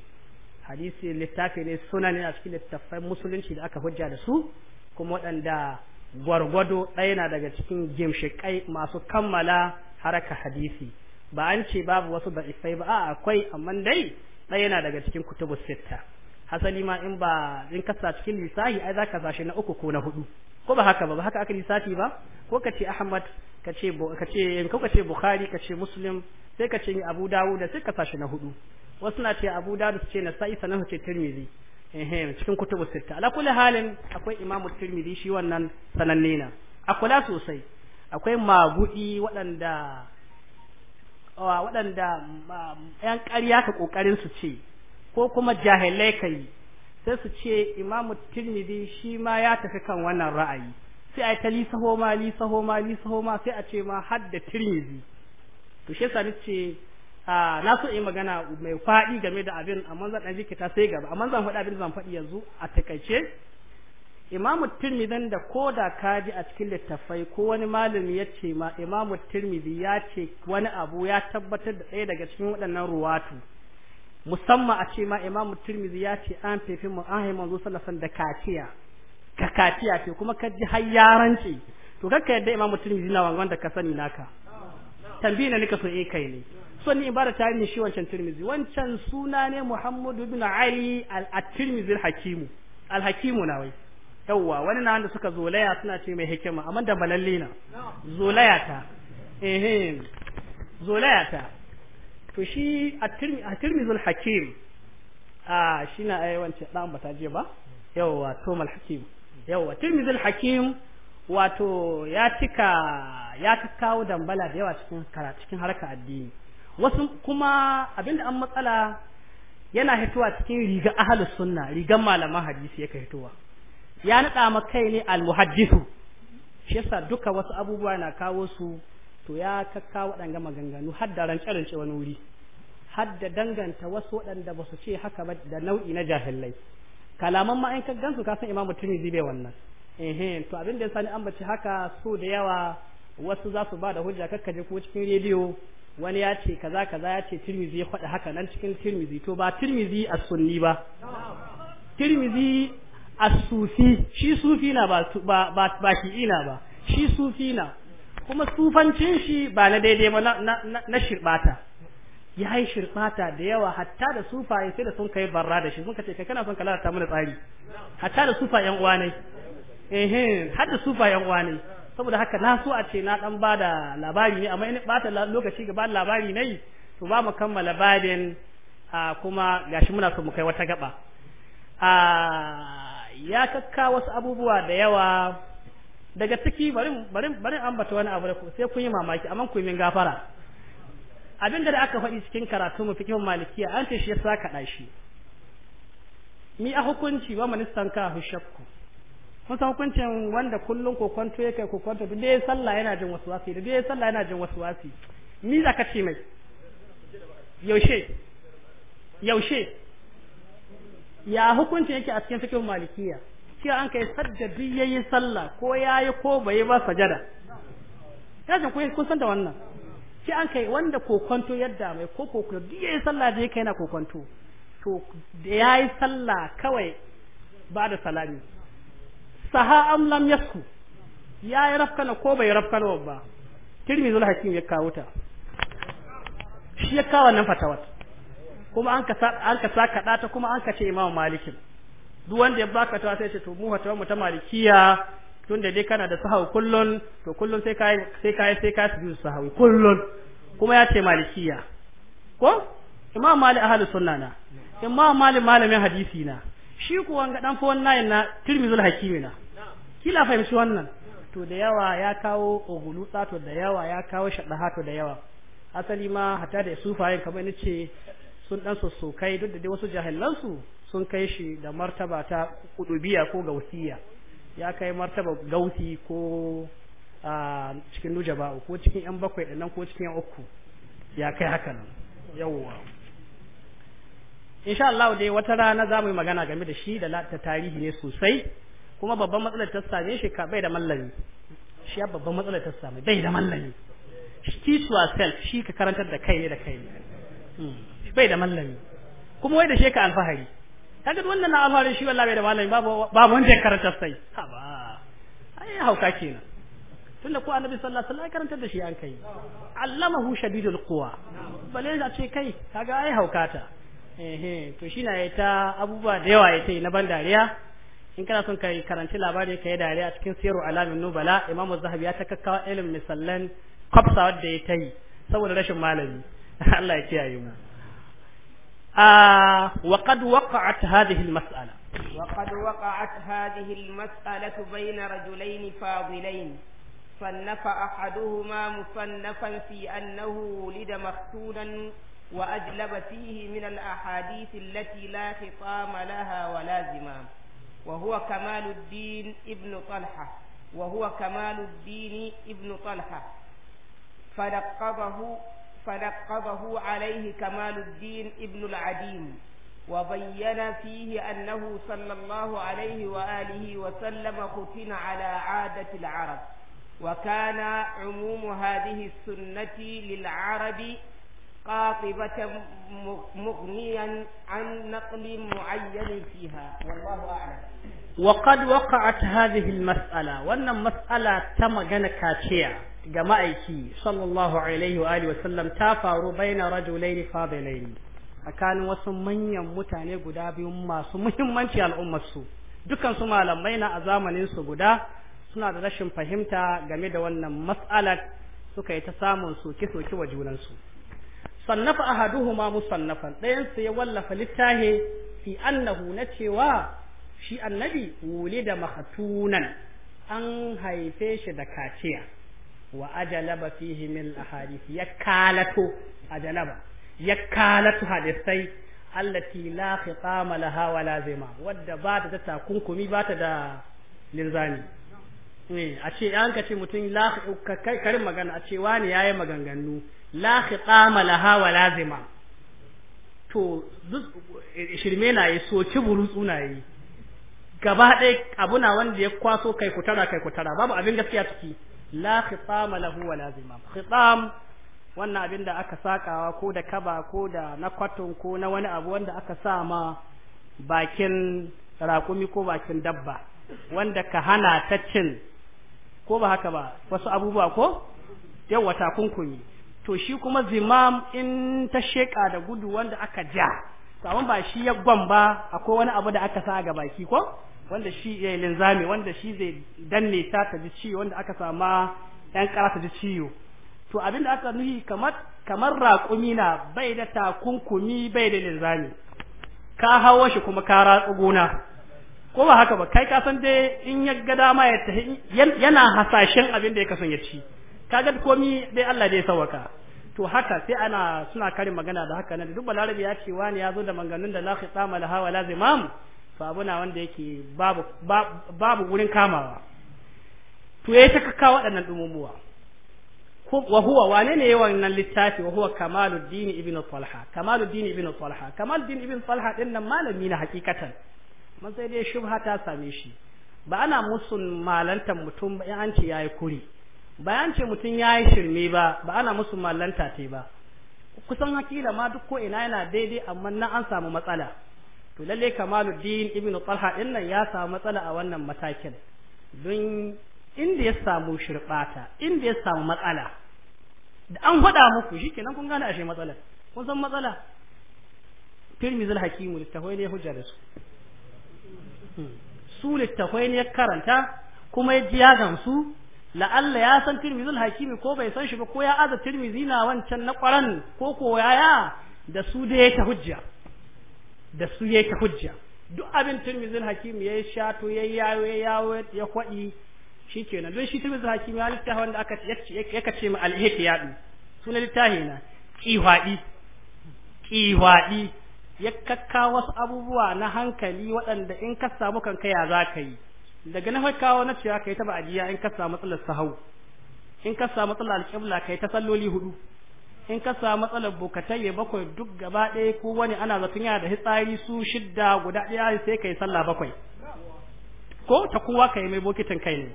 hadisi littafi ne suna ne a cikin littattafan musulunci da aka hujja da su kuma waɗanda gwargwado ɗaya na daga cikin gimshiƙai masu kammala haraka hadisi ba an ce babu wasu da'ifai ba a'a akwai amma dai ɗaya yana daga cikin kutubu sitta hasali ma in ba in kasa cikin lissahi ai zaka sashi na uku ko na hudu ko ba haka ba ba haka aka lissafi ba ko ka ce ahmad ka ce ka ce ko ka ce bukhari ka ce muslim sai ka ce abu dawud sai ka sashi na hudu wasu na ce abu dawud su ce nasa'i sanan su ce tirmidhi ehe cikin kutubu sitta ala kulli halin akwai imamu tirmidhi shi wannan sananne na akula sosai akwai magudi waɗanda waɗanda ‘yan ƙarya ka ƙoƙarin su ce ko kuma jahilai ka yi sai su ce imamu tirmidhi shi ma ya tafi kan wannan ra'ayi sai a yi ta lisaho ma lisaho ma lisaho ma sai a ce ma har da tirmidhi to shi yasa nace na so in magana mai faɗi game da abin amma zan ɗan jikita sai gaba amma zan faɗi abin zan faɗi yanzu a takaice imamu tirmidhin da ko da ka a cikin littafai ko wani malami ya ce ma imamu tirmidhi ya ce wani abu ya tabbatar da ɗaya daga cikin waɗannan ruwatu musamman a ce ma imamu tirmidhi ya ce an fefe mu an haimanzu da kaciya ka kaciya ce kuma ka ji har yaranci to ka yadda imamu tirmidhi na wanda ka sani naka tambayi na nika so eh kai ne so ni ibara ta ni shi wancan tirmidhi wancan suna ne muhammadu bin ali al-tirmidhi al-hakimu al-hakimu na Yauwa wani na wanda suka zolaya suna ce mai hikima amma da balalle na zolaya ta ehem zolaya ta to shi a zul hakim a shi na wance dan bata je ba to mal hakim yawwa zul hakim wato ya cika ya kawo dambala da yawa cikin cikin harka addini wasu kuma abinda an matsala yana hitowa cikin riga ahlus sunna rigan malaman hadisi yake hitowa ya naɗa ma kai ne almuhaddisu shi yasa duka wasu abubuwa na kawo su to ya kakka waɗanga maganganu har da rance-rance wani wuri har da danganta wasu waɗanda ba su ce haka ba da nau'i na jahilai kalaman ma in ka gansu ka san imamu tuni bai wannan eh to abin da yasa an bace haka so da yawa wasu za su ba da hujja kakka je ko cikin rediyo wani ya ce kaza kaza ya ce tirmizi ya faɗi haka nan cikin tirmizi to ba tirmizi a sunni ba tirmizi asufi sufi shi sufi na ba ba ba shi ina ba shi sufi na kuma sufancin shi ba na daidai ba na na, na shirbata ya yi shirbata da yawa hatta da sufaye sai da sun kai barra da shi sun kace kai kana son ka lalata mana tsari hatta da sufa yan uwa ne eh har sufa yan uwa ne saboda haka na so a ce na dan da labari ne amma in bata lokaci ga ba labari ne to ba mu kammala badin kuma gashi muna so mu kai wata gaba a ya kakka wasu abubuwa da yawa daga ciki bari bari bari ambata wani abu da ku sai kun yi mamaki amma ku yi min gafara abin da aka faɗi cikin karatu mu fikihun malikiya an ce shi yasa kaɗa shi mi a hukunci wa ministan ka shakku kun san hukuncin wanda kullum ko kwanto yake ko kwanto duk dai sallah yana jin wasu wasi duk dai sallah yana jin wasu wasi mi za ka ce mai yaushe yaushe ya hukunci yake a cikin fikin malikiya cewa an kai sadda duk yayi sallah ko yayi ko bai ba sajada kashin kun kun san da wannan shi an kai wanda kokonto yadda mai ko kokonto duk yayi sallah da yake yana kokonto to da yayi sallah kawai ba da salami saha am lam yasku yayi rafkana ko bai rafkana ba tirmidhul hakim ya kawo ta shi ya kawo nan fatawat kuma an ka an ka saka data kuma an ka ce Imam Malik duk wanda ya baka ta sai ce to mu fatawa mu ta malikiya tunda dai kana da sahau kullun to kullun sai kai sai kai sai kai su sahau kullun kuma ya ce malikiya ko Imam Malik ahli sunna na Imam Malik malamin hadisi na shi ko an ga dan fon nayin na Tirmidhul na kila fahimci wannan to da yawa ya kawo ogulu tsato da yawa ya kawo shaddahato da yawa asali ma hatta da sufayen kamar ni ce sun dan sossokai duk da dai wasu jahilansu sun kai shi da martaba ta kudubiya ko gausiya ya kai martaba gauti ko a cikin nujaba'u ko cikin yan bakwai da nan ko cikin yan uku ya kai haka nan yawwa insha Allah dai wata rana za mu yi magana game da shi da ta tarihi ne sosai kuma babban matsalar ta same shi ka bai da mallami shi ya babban matsalar ta same bai da mallami teach yourself shi ka karantar da kai ne da kai ne hmm. bai da mallami kuma wai da shi ka alfahari kaga wannan na alfahari shi wallahi bai da mallami babu babu wanda ya karanta sai ha ba ai hauka kenan tunda ko annabi sallallahu alaihi wasallam karantar da shi an kai allamahu shadidul quwa bale a ce kai kaga ai haukata eh to shi na yata abubuwa da yawa yace na ban dariya in kana son kai karanci labari kai dariya cikin siru alamin nubala imamu zahabi ya takakkawa ilmin misallan kafsa wadda ya ta yi saboda rashin malami *laughs* Allah ya kiyaye mu آه وقد وقعت هذه المسألة
وقد وقعت هذه المسألة بين رجلين فاضلين صنف أحدهما مصنفا في أنه ولد مختونا وأجلب فيه من الأحاديث التي لا خطام لها ولا زمام وهو كمال الدين ابن طلحة وهو كمال الدين ابن طلحة فلقبه فنقضه عليه كمال الدين ابن العديم وبين فيه أنه صلى الله عليه وآله وسلم ختن على عادة العرب وكان عموم هذه السنة للعرب قاطبة مغنيا عن نقل معين فيها والله
أعلم
وقد وقعت هذه المسألة وأن مسألة تم جنكاتيا ga ma'aiki sallallahu alaihi wa alihi wasallam ta faru baina rajulaini fadilaini tsakanin wasu manyan mutane guda biyu masu muhimmanci al'ummar su su malamai na a zamanin su guda suna da rashin fahimta game da wannan mas'alar suka yi ta samun soke soke wa junan su sannafa ahaduhuma musannafan ɗayan su ya wallafa littahi fi annahu na cewa shi annabi da mahatunan an haife shi da kaciya wa ajalaba fihi min ahadith ya kalato ajalaba ya kalatu hadisai allati la khitama laha wa lazima wadda ba ta da takunkumi ba ta da linzani. Eh, a ce an ka ce mutum la karin magana a ce wani yayi maganganu la khitama laha wa lazima to shirme na yi soci burutsu na yi gaba ɗaya abuna wanda ya kwaso kai kutara kai kutara babu abin gaskiya ciki la khitama lahu wa lazima khitam wannan abin da aka sakawa ko da kaba ko da na kwaton ko na wani abu wanda aka sa ma bakin raƙumi ko bakin dabba wanda ka hana ta cin ko ba haka ba wasu abubuwa ko yawa takunkumi to shi kuma zimam in ta sheƙa da gudu wanda aka ja to amma ba shi ya ba akwai wani abu da aka sa ga baki ko wanda shi ya yi linzami wanda shi zai danne ta ta ji ciwo wanda aka sama yan kara ta ji ciwo to abin da aka nuhi kamar kamar raƙumi na bai da takunkumi bai da linzami ka hawo shi kuma ka ratsu gona ko ba haka ba kai ka san dai in ya ga dama ya tafi yana hasashen abin da ya kasan ya ci kaga komi dai Allah dai sawaka to haka sai ana suna kare magana da haka nan duk balarabi ya ce wani ya zo da manganun da la khitama la hawa la zimam to abu wanda yake babu babu gurin kamawa to yayi ta kawo waɗannan dumumuwa wa huwa wane ne yawan nan littafi wa huwa kamaluddin ibn talha kamaluddin ibn talha kamaluddin ibn talha din nan malami na hakikatan man sai dai shubha ta same shi ba ana musun malantar mutum ba an ce yayi kuri ba an ce mutum yayi shirme ba ba ana musun malanta te ba kusan hakila ma duk ko ina yana daidai amma na an samu matsala to lalle kamaluddin ibn talha din nan ya samu matsala a wannan matakin don inda ya samu shirbata inda ya samu matsala da an faɗa muku shikenan kun gane ashe matsala kun san matsala tirmizul hakimu littafai ne hujja da su hmm. su ne ya karanta kuma ya ji ya gamsu la'alla ya san tirmizul hakimi ko bai san shi ba ko ya aza tirmizi na wancan na kwaran ko ko yaya da su da ya ta hujja da su yake hujja duk abin tirmizil hakim ya yi shato ya yawe ya ya kwaɗi shi nan don shi tirmizil hakim ya littafi wanda aka yaka ce ma alhiki yaɗu na littafi na ƙihwaɗi ƙihwaɗi ya kakka wasu abubuwa na hankali waɗanda in ka samu kanka ya za ka yi daga na kawo na cewa ka yi ta ba'adiyya in ka samu matsalar sahau in ka samu matsalar alƙibla ka yi ta salloli hudu in ka samu matsalar ya bakwai duk gaba ɗaya ko wani ana zaton yana da hitsari su shidda guda ɗaya sai ka yi sallah bakwai ko ta kowa ka yi mai bokitin kai ne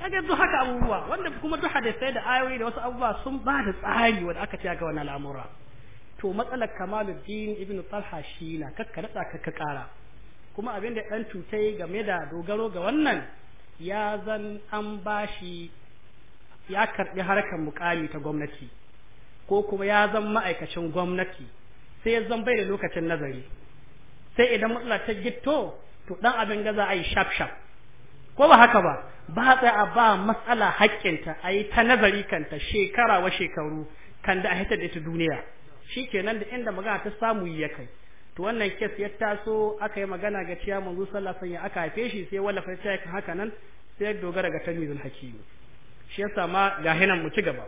kaga duk haka abubuwa wanda kuma duk hadisai da ayoyi da wasu abubuwa sun ba da tsari wanda aka ce ga wannan al'amura to matsalar din ibn talha shi na kakka daɗa kakka kuma abin da ɗan cutai game da dogaro ga wannan ya zan an bashi ya karɓi harkar mukami ta gwamnati ko kuma ya zan ma'aikacin gwamnati sai ya zan bai da lokacin nazari sai idan matsala ta gito to dan abin gaza a yi shaf ko ba haka ba ba tsaya a ba matsala haƙƙinta a yi ta nazari kanta shekara wa shekaru kan da a hita da ita duniya shi kenan da inda magana ta samu yi ya kai to wannan kes ya taso aka yi magana ga ciya manzo sallah sanya aka haife shi sai wallafa ya haka nan sai ya dogara ga talmizul hakimi shi yasa ma ga hinan mu ci gaba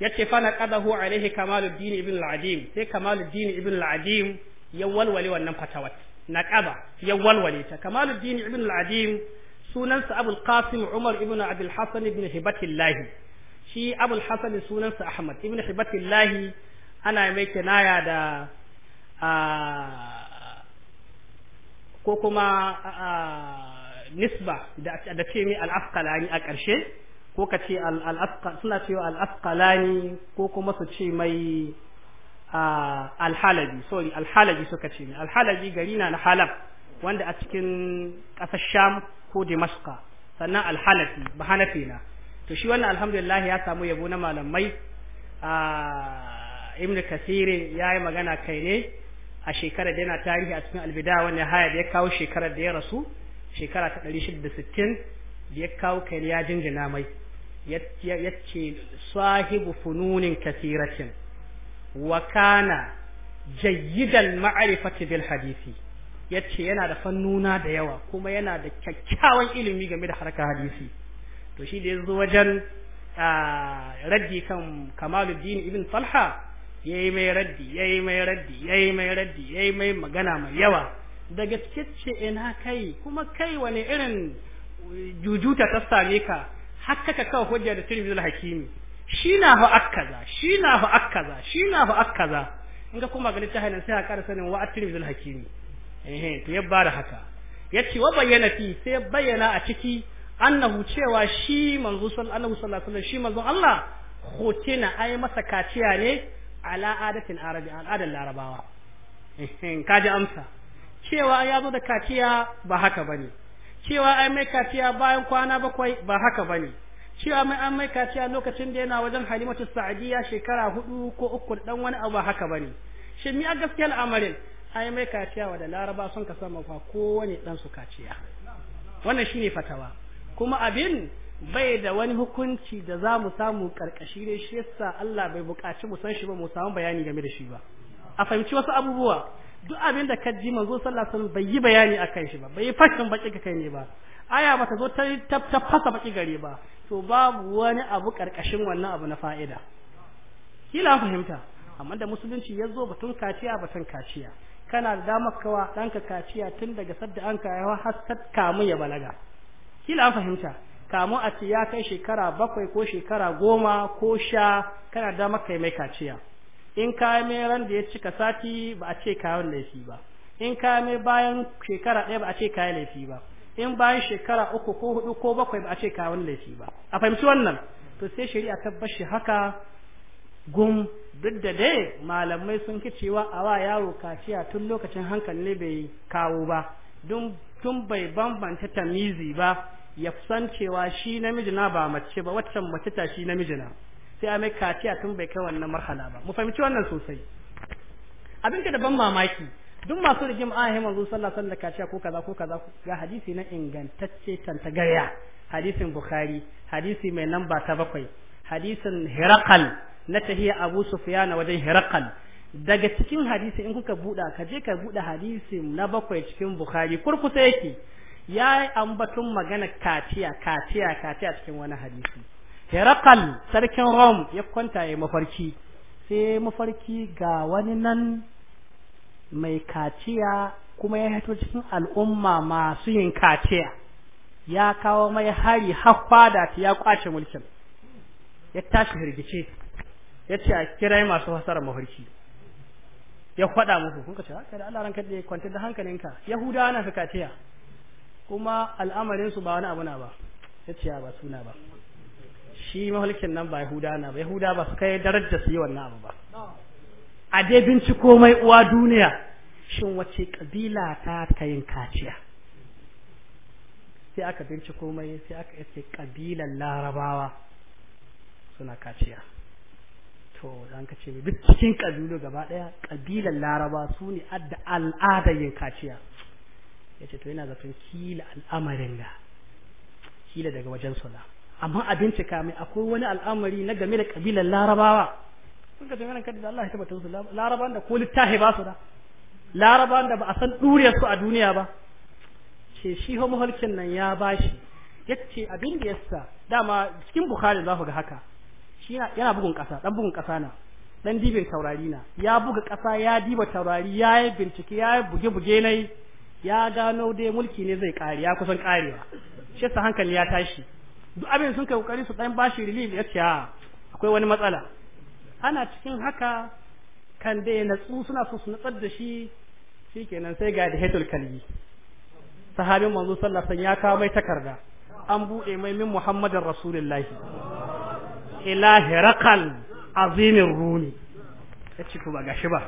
yace fa naqadahu alaihi kamaluddin ibn al-adim sai kamaluddin ibn al-adim ya walwale wannan fatawat naqaba ya walwale ta kamaluddin ibn al-adim sa abul qasim umar ibn abdul hasan ibn hibatillah shi abul hasan sunansa ahmad ibn hibatillah ana mai kinaya da ko kuma nisba da ce mai al-afqalani a karshe. ko ka ce suna cewa al'afqalani ko kuma su ce mai alhalabi sorry alhalabi suka ce mai alhalabi gari na na halab wanda a cikin ƙasar sham ko dimashqa sannan alhalabi ba hanafi na to shi wannan alhamdulillah ya samu yabo na malamai a ibn kasire ya yi magana kai ne a shekarar da yana tarihi a cikin albida wani haya da ya kawo shekarar da ya rasu shekara ta 660 da ya kawo kai ya jinjina mai ya ce sahibu fununin kasiratin wa kana jayyidan ma'arifati bil hadisi ya ce yana da fannuna da yawa kuma yana da kyakkyawan ilimi game da harkar hadisi to shi da ya zo wajen raddi kan kamaluddin ibn Falha ya yi mai raddi ya yi mai raddi ya yi mai raddi ya yi mai magana mai yawa daga gaske ce ina kai kuma kai wani irin Juju ta same ka hakka ka kawo hujja da tirmidhi hakimi shi na fa akkaza shi na fa akkaza shi na fa akkaza in ga kuma ga ta sai ka ƙara sanin wa at-tirmidhi hakimi eh to ya bada haka yace wa bayyana fi sai bayyana a ciki annahu cewa shi manzo sallallahu alaihi wasallam shi manzo Allah khotina ai masa kaciya ne ala adatin arabi al'adar larabawa kaji amsa cewa ya zo da kaciya ba haka bane cewa ai mai kaciya bayan kwana bakwai ba haka bane cewa mai an mai kaciya lokacin da yana wajen halimatu sa'adiyya shekara hudu ko uku dan wani abu ba haka bane shin mi a gaskiya al'amarin ai mai kaciya wa da laraba sun ka sama fa kowane dan su kaciya wannan shine fatawa kuma abin bai da wani hukunci da za mu samu karkashi ne shi yasa Allah bai buƙaci mu san shi ba mu samu bayani game da shi ba a fahimci wasu abubuwa duk abin da ka ji manzo sallallahu alaihi wasallam bai yi bayani akan shi ba bai yi fashin baki ka kai ne ba aya bata zo ta ta fasa baki gare ba to babu wani abu karkashin wannan abu na fa'ida kila fahimta amma da musulunci ya zo batun kaciya batun kaciya kana da damar kawa danka kaciya tun daga sadda an kayawa har ta kamu ya balaga kila fahimta kamu a ce ya kai shekara bakwai ko shekara goma ko sha kana da damar kai mai kaciya in ka mai ran da ya cika sati ba a ce kayan laifi ba in ka mai bayan shekara ɗaya ba a ce kayan laifi ba in bayan shekara uku ko hudu ko bakwai ba a ce kayan laifi ba a fahimci wannan to sai shari'a ta bashi haka gum duk da dai malamai sun ki cewa a wa yaro kaciya tun lokacin hankali ne bai kawo ba tun bai bambanta tamizi ba ya san cewa shi namiji na ba mace ba waccan mace ta shi namiji na sai a mai kaciya tun bai kai wannan marhala ba mu fahimci wannan sosai
abin da ban mamaki
duk masu rigim a ah, himan zu sallah sallah kaciya ko kaza ko kaza ga hadisi na ingantacce tantagarya hadisin bukhari hadisi mai lamba ta bakwai hadisin Hiraqal na tahiya abu sufiyana wajen Hiraqal. daga cikin hadisi in kuka buɗa ka je ka buɗe hadisi na bakwai cikin bukhari kurkusa yake ya ambaton magana kaciya kaciya kaciya cikin wani hadisi
herakal sarkin rom
ya kwanta ya mafarki sai mafarki ga wani nan mai kaciya kuma ya haito cikin al'umma masu yin kaciya ya kawo mai hari haffa da ta ya kwace mulkin ya tashi hirgice ya ce a kirai masu hasarar mafarki ya faɗa musu kun ce haka da Allah ranka da kwanta da hankalinka Yahuda na fi kaciya kuma al'amarin su ba wani abu na ba ya ce ba suna ba shi mahalikin nan ba yahuda na ba yahuda ba su kai darajar su yi wannan abu ba a dai binciko mai uwa duniya shin wace kabila ta ta yin kaciya sai aka binciko mai sai aka yace kabilan larabawa suna kaciya to zan ka ce duk cikin kabilu gaba daya kabilan larabawa su ne adda yin kaciya yace to yana zafin kila al'amarin da kila daga wajen suna amma a bincika mai akwai wani al'amari na game da kabilar larabawa sun ka jami'an kadda Allah ya tabbata su larabawan da ko littahi ba su da larabawan da ba a san duriyar su a duniya ba ce shi ho mahalkin nan ya bashi yace abin da yasa dama cikin bukari za ku ga haka shi yana bugun kasa dan bugun kasa na dan dibin taurari na ya buga kasa ya diba taurari ya yi bincike ya yi buge buge nai ya gano dai mulki ne zai kare ya kusan karewa shi hankali ya tashi duk abin sun kai kokari su dan bashi relief ya ce ah, akwai wani matsala ana cikin haka kan da ya natsu suna so su natsar da shi kenan sai ga da hetul kalbi sahabin manzo sallallahu alaihi ya kawo mai takarda an bude mai min muhammadin rasulullahi ila hirakal azimin rumi ya ci ba gashi ba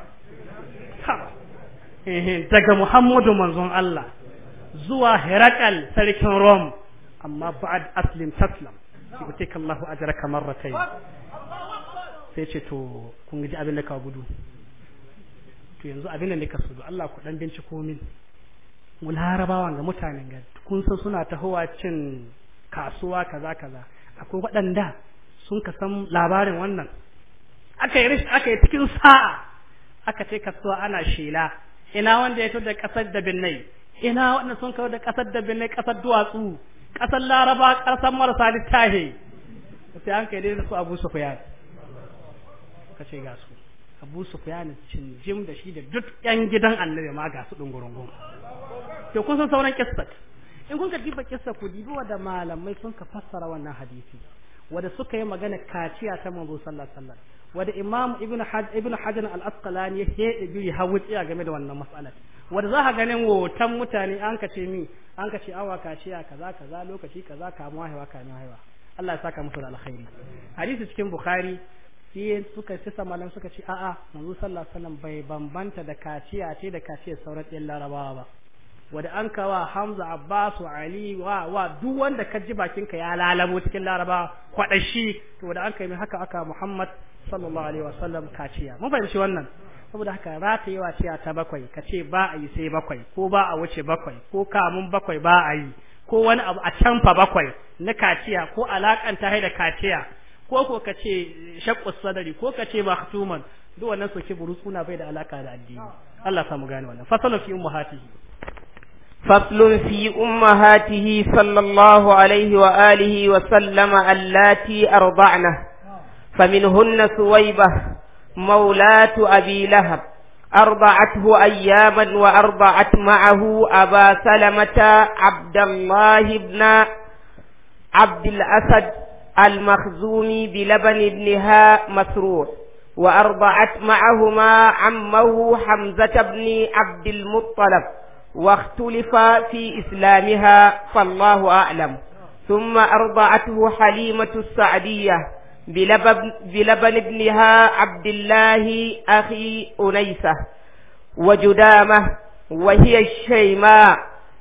eh, daga muhammadu manzon Allah zuwa hirakal sarkin rom amma ba'ad aslim taslam yutika Allahu ajraka marratayn sai ce to kun ji abin da ka gudu to yanzu abin da nika so Allah ku dan binciko min mu harabawa ga mutanen ga kun san suna tahowa cin kasuwa kaza kaza akwai waɗanda sun ka san labarin wannan aka yi aka yi cikin sa'a aka ce kasuwa ana shela ina wanda ya da kasar da binnai ina wanda sun kawo da kasar da binnai kasar duwatsu Kasar laraba ƙasar marasa littafi sai an kai dai su abu sufyan ka ce ga su abu sufyan jim da shi da duk yan gidan annabi ma ga su dungurungun to kun san sauran kissa in kun ka diba kissa ku dibi da malamai sun ka fassara wannan hadisi wanda suka yi magana kaciya ta manzo sallallahu alaihi wasallam wanda imam ibnu hajj ibnu hajar al-asqalani ya hebe ya game da wannan mas'alar wanda za ka ganin wotan mutane an ka ce mi an ka ce awa kaciya kaza kaza lokaci kaza kamuwa haiwa kamuwa haiwa Allah ya saka musu da alkhairi hadisi cikin bukhari sai suka ce samalan suka ce a'a manzo sallallahu alaihi wasallam bai bambanta da kaciya ce da kaciyar sauran ɗin larabawa ba wanda an wa hamza abbas ali wa wa duk wanda ka ji bakin ka ya lalabo cikin laraba kwadashi to da an kai haka aka muhammad sallallahu alaihi wasallam kaciya mun fahimci wannan saboda haka ratayewa ce ta bakwai ka ce ba a yi sai bakwai ko ba a wuce bakwai ko kamun bakwai ba a yi ko wani abu a canfa bakwai na kaciya ko alakanta da kaciya ko ko ka ce shaqqus sadari ko ka ce mahtuman duk wannan soke burutsuna bai da alaka da addini Allah samu gane wannan fasalun fi ummahatihi
fi ummahatihi sallallahu alaihi wa alihi wa sallama allati أرضعنه فمنهن سويبة مولاة أبي لهب أرضعته أياما وأرضعت معه أبا سلمة عبد الله بن عبد الأسد المخزومي بلبن ابنها مسرور وأرضعت معهما عمه حمزة بن عبد المطلب واختلف في إسلامها فالله أعلم ثم أرضعته حليمة السعدية بلبن, بلبن ابنها عبد الله أخي أنيسة وجدامة وهي الشيماء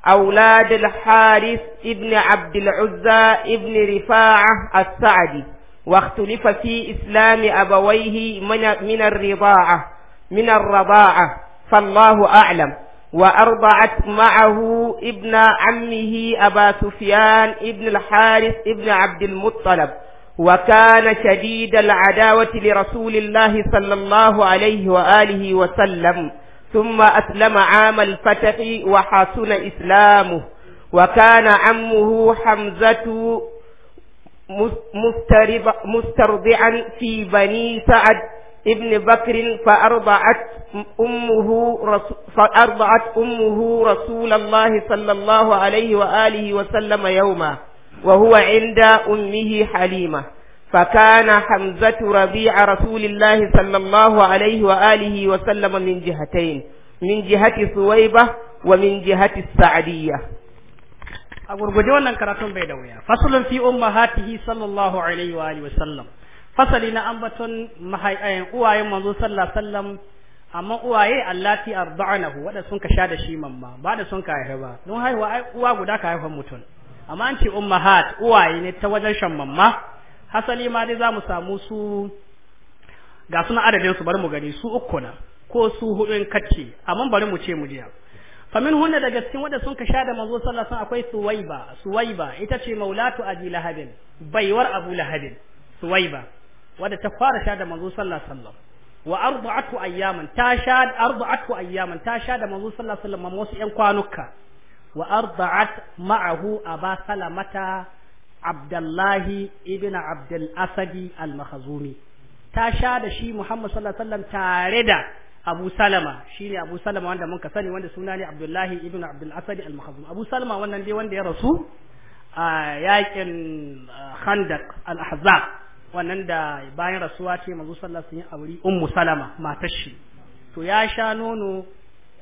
أولاد الحارث ابن عبد العزى ابن رفاعة السعدي واختلف في إسلام أبويه من, من الرضاعة من الرضاعة فالله أعلم وأرضعت معه ابن عمه أبا سفيان ابن الحارث ابن عبد المطلب وكان شديد العداوة لرسول الله صلى الله عليه وآله وسلم ثم أسلم عام الفتح وحسن إسلامه وكان عمه حمزة مسترضعا في بني سعد ابن بكر فأرضعت أمه فأرضعت أمه رسول الله صلى الله عليه وآله وسلم يوما وهو عند أمه حليمة فكان حمزة ربيع رسول الله صلى الله عليه وآله وسلم من جهتين من جهة سويبة ومن جهة السعدية
أقول wannan karatun bai da wuya fasulun fi ummahatihi sallallahu alaihi wa alihi fasali na ambaton eh, uwayen manzo sallallahu alaihi wasallam amma uwaye allati arda'anahu wanda sun ka sha da shi mamma ba da sun ka haifa don haihuwa uwa guda ka haifa mutum amma an ce ummahat uwaye ne ta wajen shan mamma hasali ma dai zamu samu su ga suna adadin su bari mu gani su uku na ko su hudu in kacce amma bari mu ce mu jiya Fa min hunna daga cikin wanda sun ka sha da manzo sallallahu alaihi wasallam akwai suwaiba suwaiba ita ce maulatu abi lahabin baiwar abu lahabin suwaiba wadda ta fara sha da manzo sallallahu alaihi wasallam wa arba'atu ayyaman ta shada arba'atu ayyaman ta sha da manzo sallallahu alaihi wasallam wasu yan kwanuka wa arda'at ma'ahu aba salamata abdullahi ibn abdul asadi al-mahzumi ta sha da shi muhammad sallallahu alaihi tare da abu shi ne abu salama wanda muka sani wanda suna ne abdullahi ibn abdul asadi al-mahzumi abu salama wannan dai wanda ya rasu a yakin khandaq al-ahzab wannan da bayan rasuwa ce manzo sallallahu alaihi wasallam auri ummu salama matar shi to ya sha nono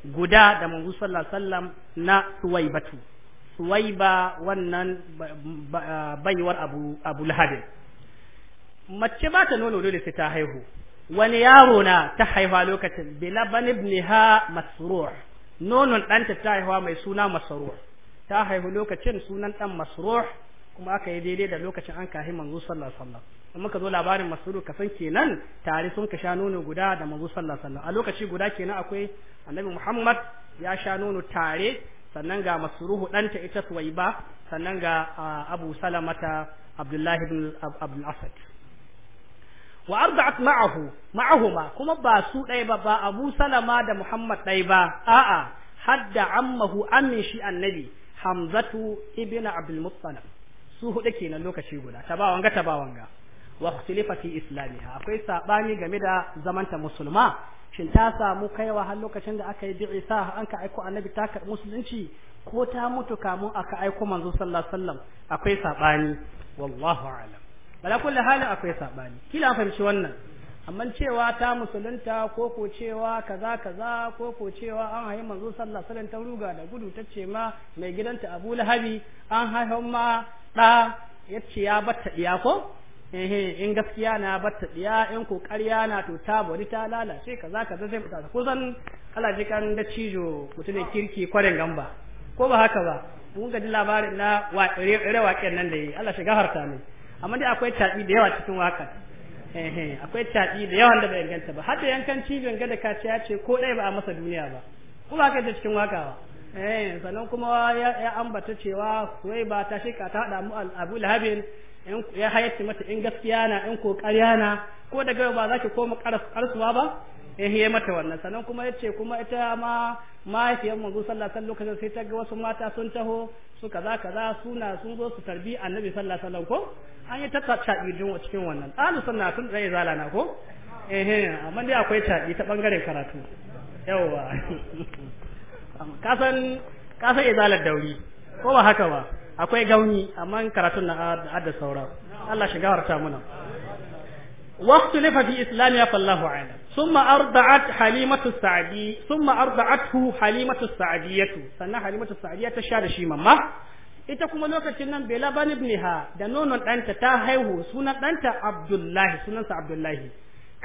guda da manzo sallallahu alaihi wasallam na suwaibatu suwaiba wannan baiwar abu abu lahabin mace ba ta nono dole sai ta haihu wani yaro na ta haifa lokacin bilaban ha masruh nonon ɗanta ta haihuwa mai suna masruh ta haihu lokacin sunan ɗan masruh kuma aka yi daidai da lokacin an kahi manzo sallallahu alaihi wasallam amma muka zo labarin masudu kasan kenan tare sun ka sha nono guda da manzo sallallahu alaihi wasallam a lokaci guda kenan akwai annabi Muhammad ya sha nono tare sannan ga masruhu danta ita suwaiba sannan ga Abu Salamata Abdullahi ibn Abdul Asad wa arda'at ma'ahu ma'ahuma kuma ba su dai ba ba Abu Salama da Muhammad dai ba a'a hadda ammahu amin shi annabi Hamzatu ibn Abdul Muttalib su hudu kenan lokaci guda ta ba wanga ta ba wa ikhtilifa fi islamiha akwai sabani game da zamanta musulma shin ta samu kaiwa har lokacin da aka yi bi'isa an ka aiko annabi ta musulunci ko ta mutu kamun aka aiko manzo sallallahu alaihi wasallam akwai sabani wallahu a'lam bala kullu halin akwai sabani kila fahimci wannan amma cewa ta musulunta ko ko cewa kaza kaza ko ko cewa an haihi manzo sallallahu alaihi wasallam ta ruga da gudu ta ce ma mai gidanta Abu Lahabi an haihu ma ɗa ya ce ya batta ɗiya ko in gaskiya na batta ɗiya in ko ƙarya na to ta bari ta lalace kaza kaza zai fita kusan kan da cijo mutumin kirki kwarin gamba ko ba haka ba mun gaji labarin na rere waƙen nan da yi Allah shiga harta ne amma dai akwai taɓi da yawa cikin waƙar akwai taɓi da yawan da bai inganta ba har yankan cijon gada kaciya ce ko ɗaya ba a masa duniya ba ko ba haka cikin waƙa ba eh sannan kuma ya ambata cewa wai ba ta shika ta hada mu Abu Lahabin ya hayyace mata in gaskiya na in kokariya na ko da ba za ki koma karsuwa ba eh ya mata wannan sannan kuma yace kuma ita ma mahaifiyar manzo sallallahu alaihi wasallam sai ta ga wasu mata sun taho su kaza kaza suna sun zo su tarbi annabi sallallahu alaihi wasallam ko an yi ta tabi din cikin wannan alu sunna tun zai zala na ko eh amma dai akwai tabi ta bangaren karatu yawa *laughs* kasan kasan izalar dauri ko ba haka ba akwai gauni amma karatun na adda saura Allah shi gawarta muna واختلف في إسلامها فالله أعلم ثم أرضعت حليمة السعدي ثم أرضعته حليمة السعدية سنة حليمة السعدية تشار شيما ما ita kuma lokacin nan bela bani ibniha da nonon ɗanta ta haihu sunan ɗanta abdullahi sunansa abdullahi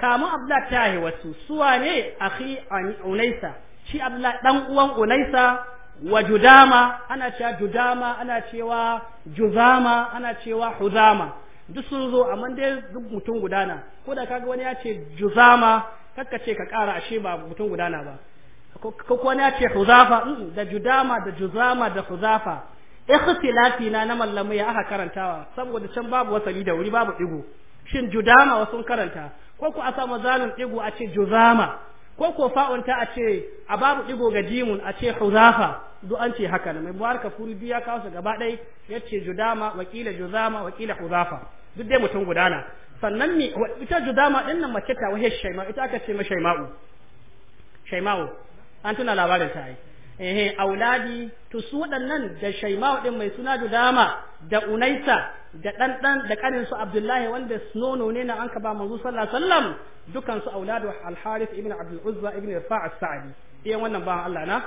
kama abdullahi ta haihu wasu suwa ne akhi unaisa shi Allah ɗan uwan unaisa wa judama ana cewa judama ana cewa juzama ana cewa huzama duk sun zo amma dai duk mutum gudana ko da kaga wani ya ce juzama kakka ce ka kara ashe ba mutum gudana ba ko wani ya ce huzafa mm, da judama da juzama da huzafa ikhtilafi na na mallamai aka karantawa saboda can babu wasali da wuri babu digo shin judama wasu karanta ko ku a samu zalun digo a ce juzama ko ko fa'un ta a ce a babu digo ga jimun a ce huzafa duk an ce haka ne mai buharka furbi ya kawo su gaba ɗai ya ce judama wakila juzama wakila huzafa duk dai mutum gudana sannan mi ita judama din nan mace ta wahe shaima ita aka ce ma shaima'u shaima'u an tuna labarin ta ai eh auladi to su waɗannan da shaima'u din mai suna judama da unaisa da dan dan da kanin su Abdullahi wanda nono ne na an ba manzo sallallahu alaihi wasallam dukan su auladu al-Harith ibn Abdul Uzza ibn Rifa' as-Sa'di iyan wannan ba Allah na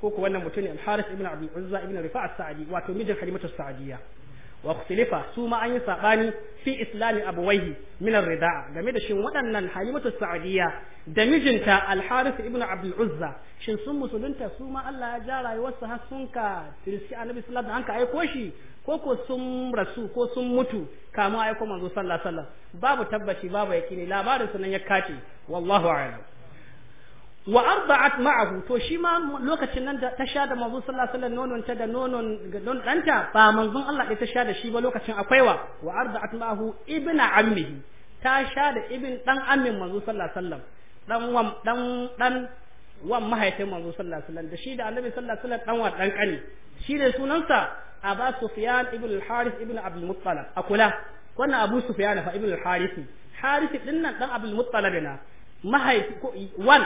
ko ko wannan mutum ne al-Harith ibn Abdul Uzza ibn Rifa' as-Sadi wato mijin Halimatu Sa'diyya wa ikhtilifa su ma an yi sabani fi islami abawaihi min ar-rida'a game da shin waɗannan Halimatu Sa'diyya da mijinta al-Harith ibn Abdul Uzza shin sun musulunta su ma Allah ya ja rayuwarsu har sun ka tirsi Annabi sallallahu alaihi wasallam an ka aiko shi ko ko sun rasu ko sun mutu kama aiko manzo sallallahu alaihi wasallam babu tabbaci babu yakini labarin sunan ya kace wallahu a'lam wa arba'at ma'ahu to shi ma lokacin nan da ta sha da manzo sallallahu alaihi wasallam nonon ta da nonon don danta ba manzon Allah ɗaya ta sha da shi ba lokacin akwai wa wa arba'at ma'ahu ibnu ammihi ta sha da ibn dan ammin manzo sallallahu alaihi wasallam dan wan dan dan wan mahaifin manzo sallallahu alaihi wasallam da shi da annabi sallallahu alaihi wasallam dan wa dan kani shi ne sunansa aba sufyan ibn al ibn abdul muttalib akula abu sufyan fa ibn al-harith harith din nan dan abdul muttalib wan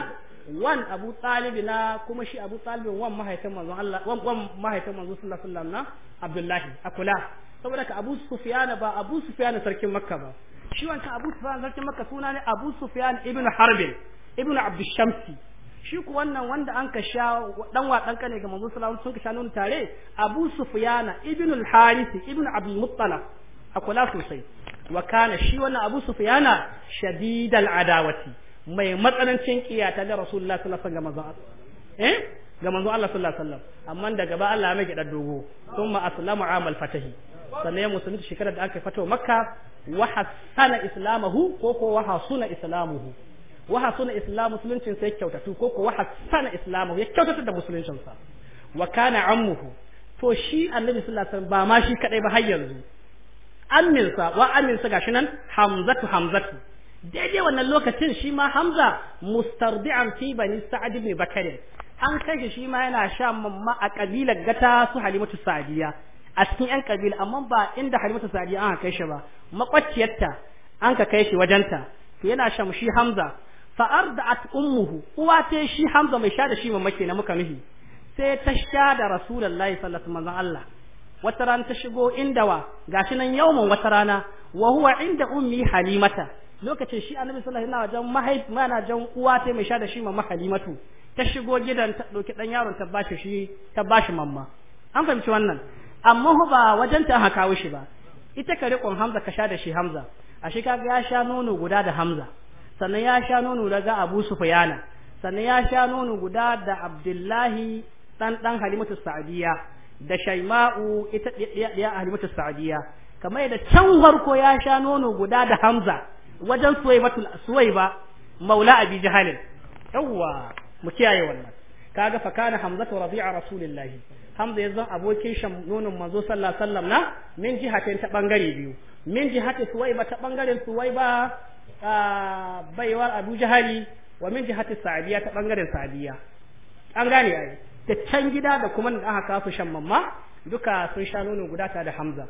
wan abu talib kuma shi abu talib wan mahaifin Allah wan wan sallallahu alaihi wasallam na abdullahi akula saboda ka abu sufyan ba abu sufyan sarkin makka ba shi wanka abu sufyan sarkin makka suna ne abu sufyan ibn harbin ibn Abdushamsi. shi ku wannan wanda an ka sha dan wa dan kane ga manzo sallallahu alaihi wasallam sun ka sha tare Abu Sufyan ibn al-Harith ibn Abdul Muttalib akula sosai wa kana shi wannan Abu Sufyan shadidal adawati mai matsanancin kiyata da Rasulullah sallallahu alaihi wasallam eh ga manzo Allah sallallahu alaihi wasallam amma daga ba Allah mai gidan dogo thumma aslamu amal fatahi sannan ya musulunci shekarar da aka fito makka wa hasana islamahu ko ko wa hasuna islamuhu wa suna islam musuluncin sai kyautatu ko ko wa islamu ya kyautatu da musuluncin sa wa kana ammuhu to shi annabi sallallahu alaihi wasallam ba ma shi kadai ba har yanzu aminsa wa aminsa gashi nan hamzatu hamzatu daidai wannan lokacin shi ma hamza mustardi'an fi bani sa'ad ibn bakr an kashe shi ma yana sha mamma a kabilar gata su halimatu sa'diya a cikin yan kabila amma ba inda halimatu sa'diya an kai shi ba makwaciyarta an ka kai shi wajenta to yana sha shi hamza fa'arda'at ummuhu uwa ta shi Hamza mai sha da shi mamake na muka mihi sai ta sha da Rasulullahi sallallahu alaihi wasallam Allah wata rana ta shigo inda wa gashi nan yauman wata rana wa huwa inda ummi Halimata lokacin shi Annabi sallallahu alaihi wasallam wajen mahaifi mana jan uwa ta mai sha da shi mamma Halimatu ta shigo gidan ta dauki dan yaron ta bashi shi ta bashi mamma an fahimci wannan amma ba wajen ta haka shi ba ita ka riƙon Hamza ka sha da shi Hamza ashe kaga ya sha nono guda da Hamza sannan ya sha nono daga Abu Sufyana sannan ya sha nono guda da Abdullahi ɗanɗan Halimatu Sa'diya da Shaima'u ita a Halimatu Sa'diya kamar yadda can farko ya sha nono guda da Hamza wajen Suwaibatul Suwaiba Maula Abi Jahal yawwa mu kiyaye wannan kaga fa kana Hamzatu Rabi'a Rasulillahi Hamza yanzu abokin shan nonon manzo sallallahu alaihi wasallam na min jihatin ta bangare biyu min jihati Suwaiba ta bangaren Suwaiba baiwar abu jahali wa min jihati sa'diya ta bangaren sa'diya an gane ai da can gida da kuma da aka kasu shan mamma duka sun sha nono guda ta da hamza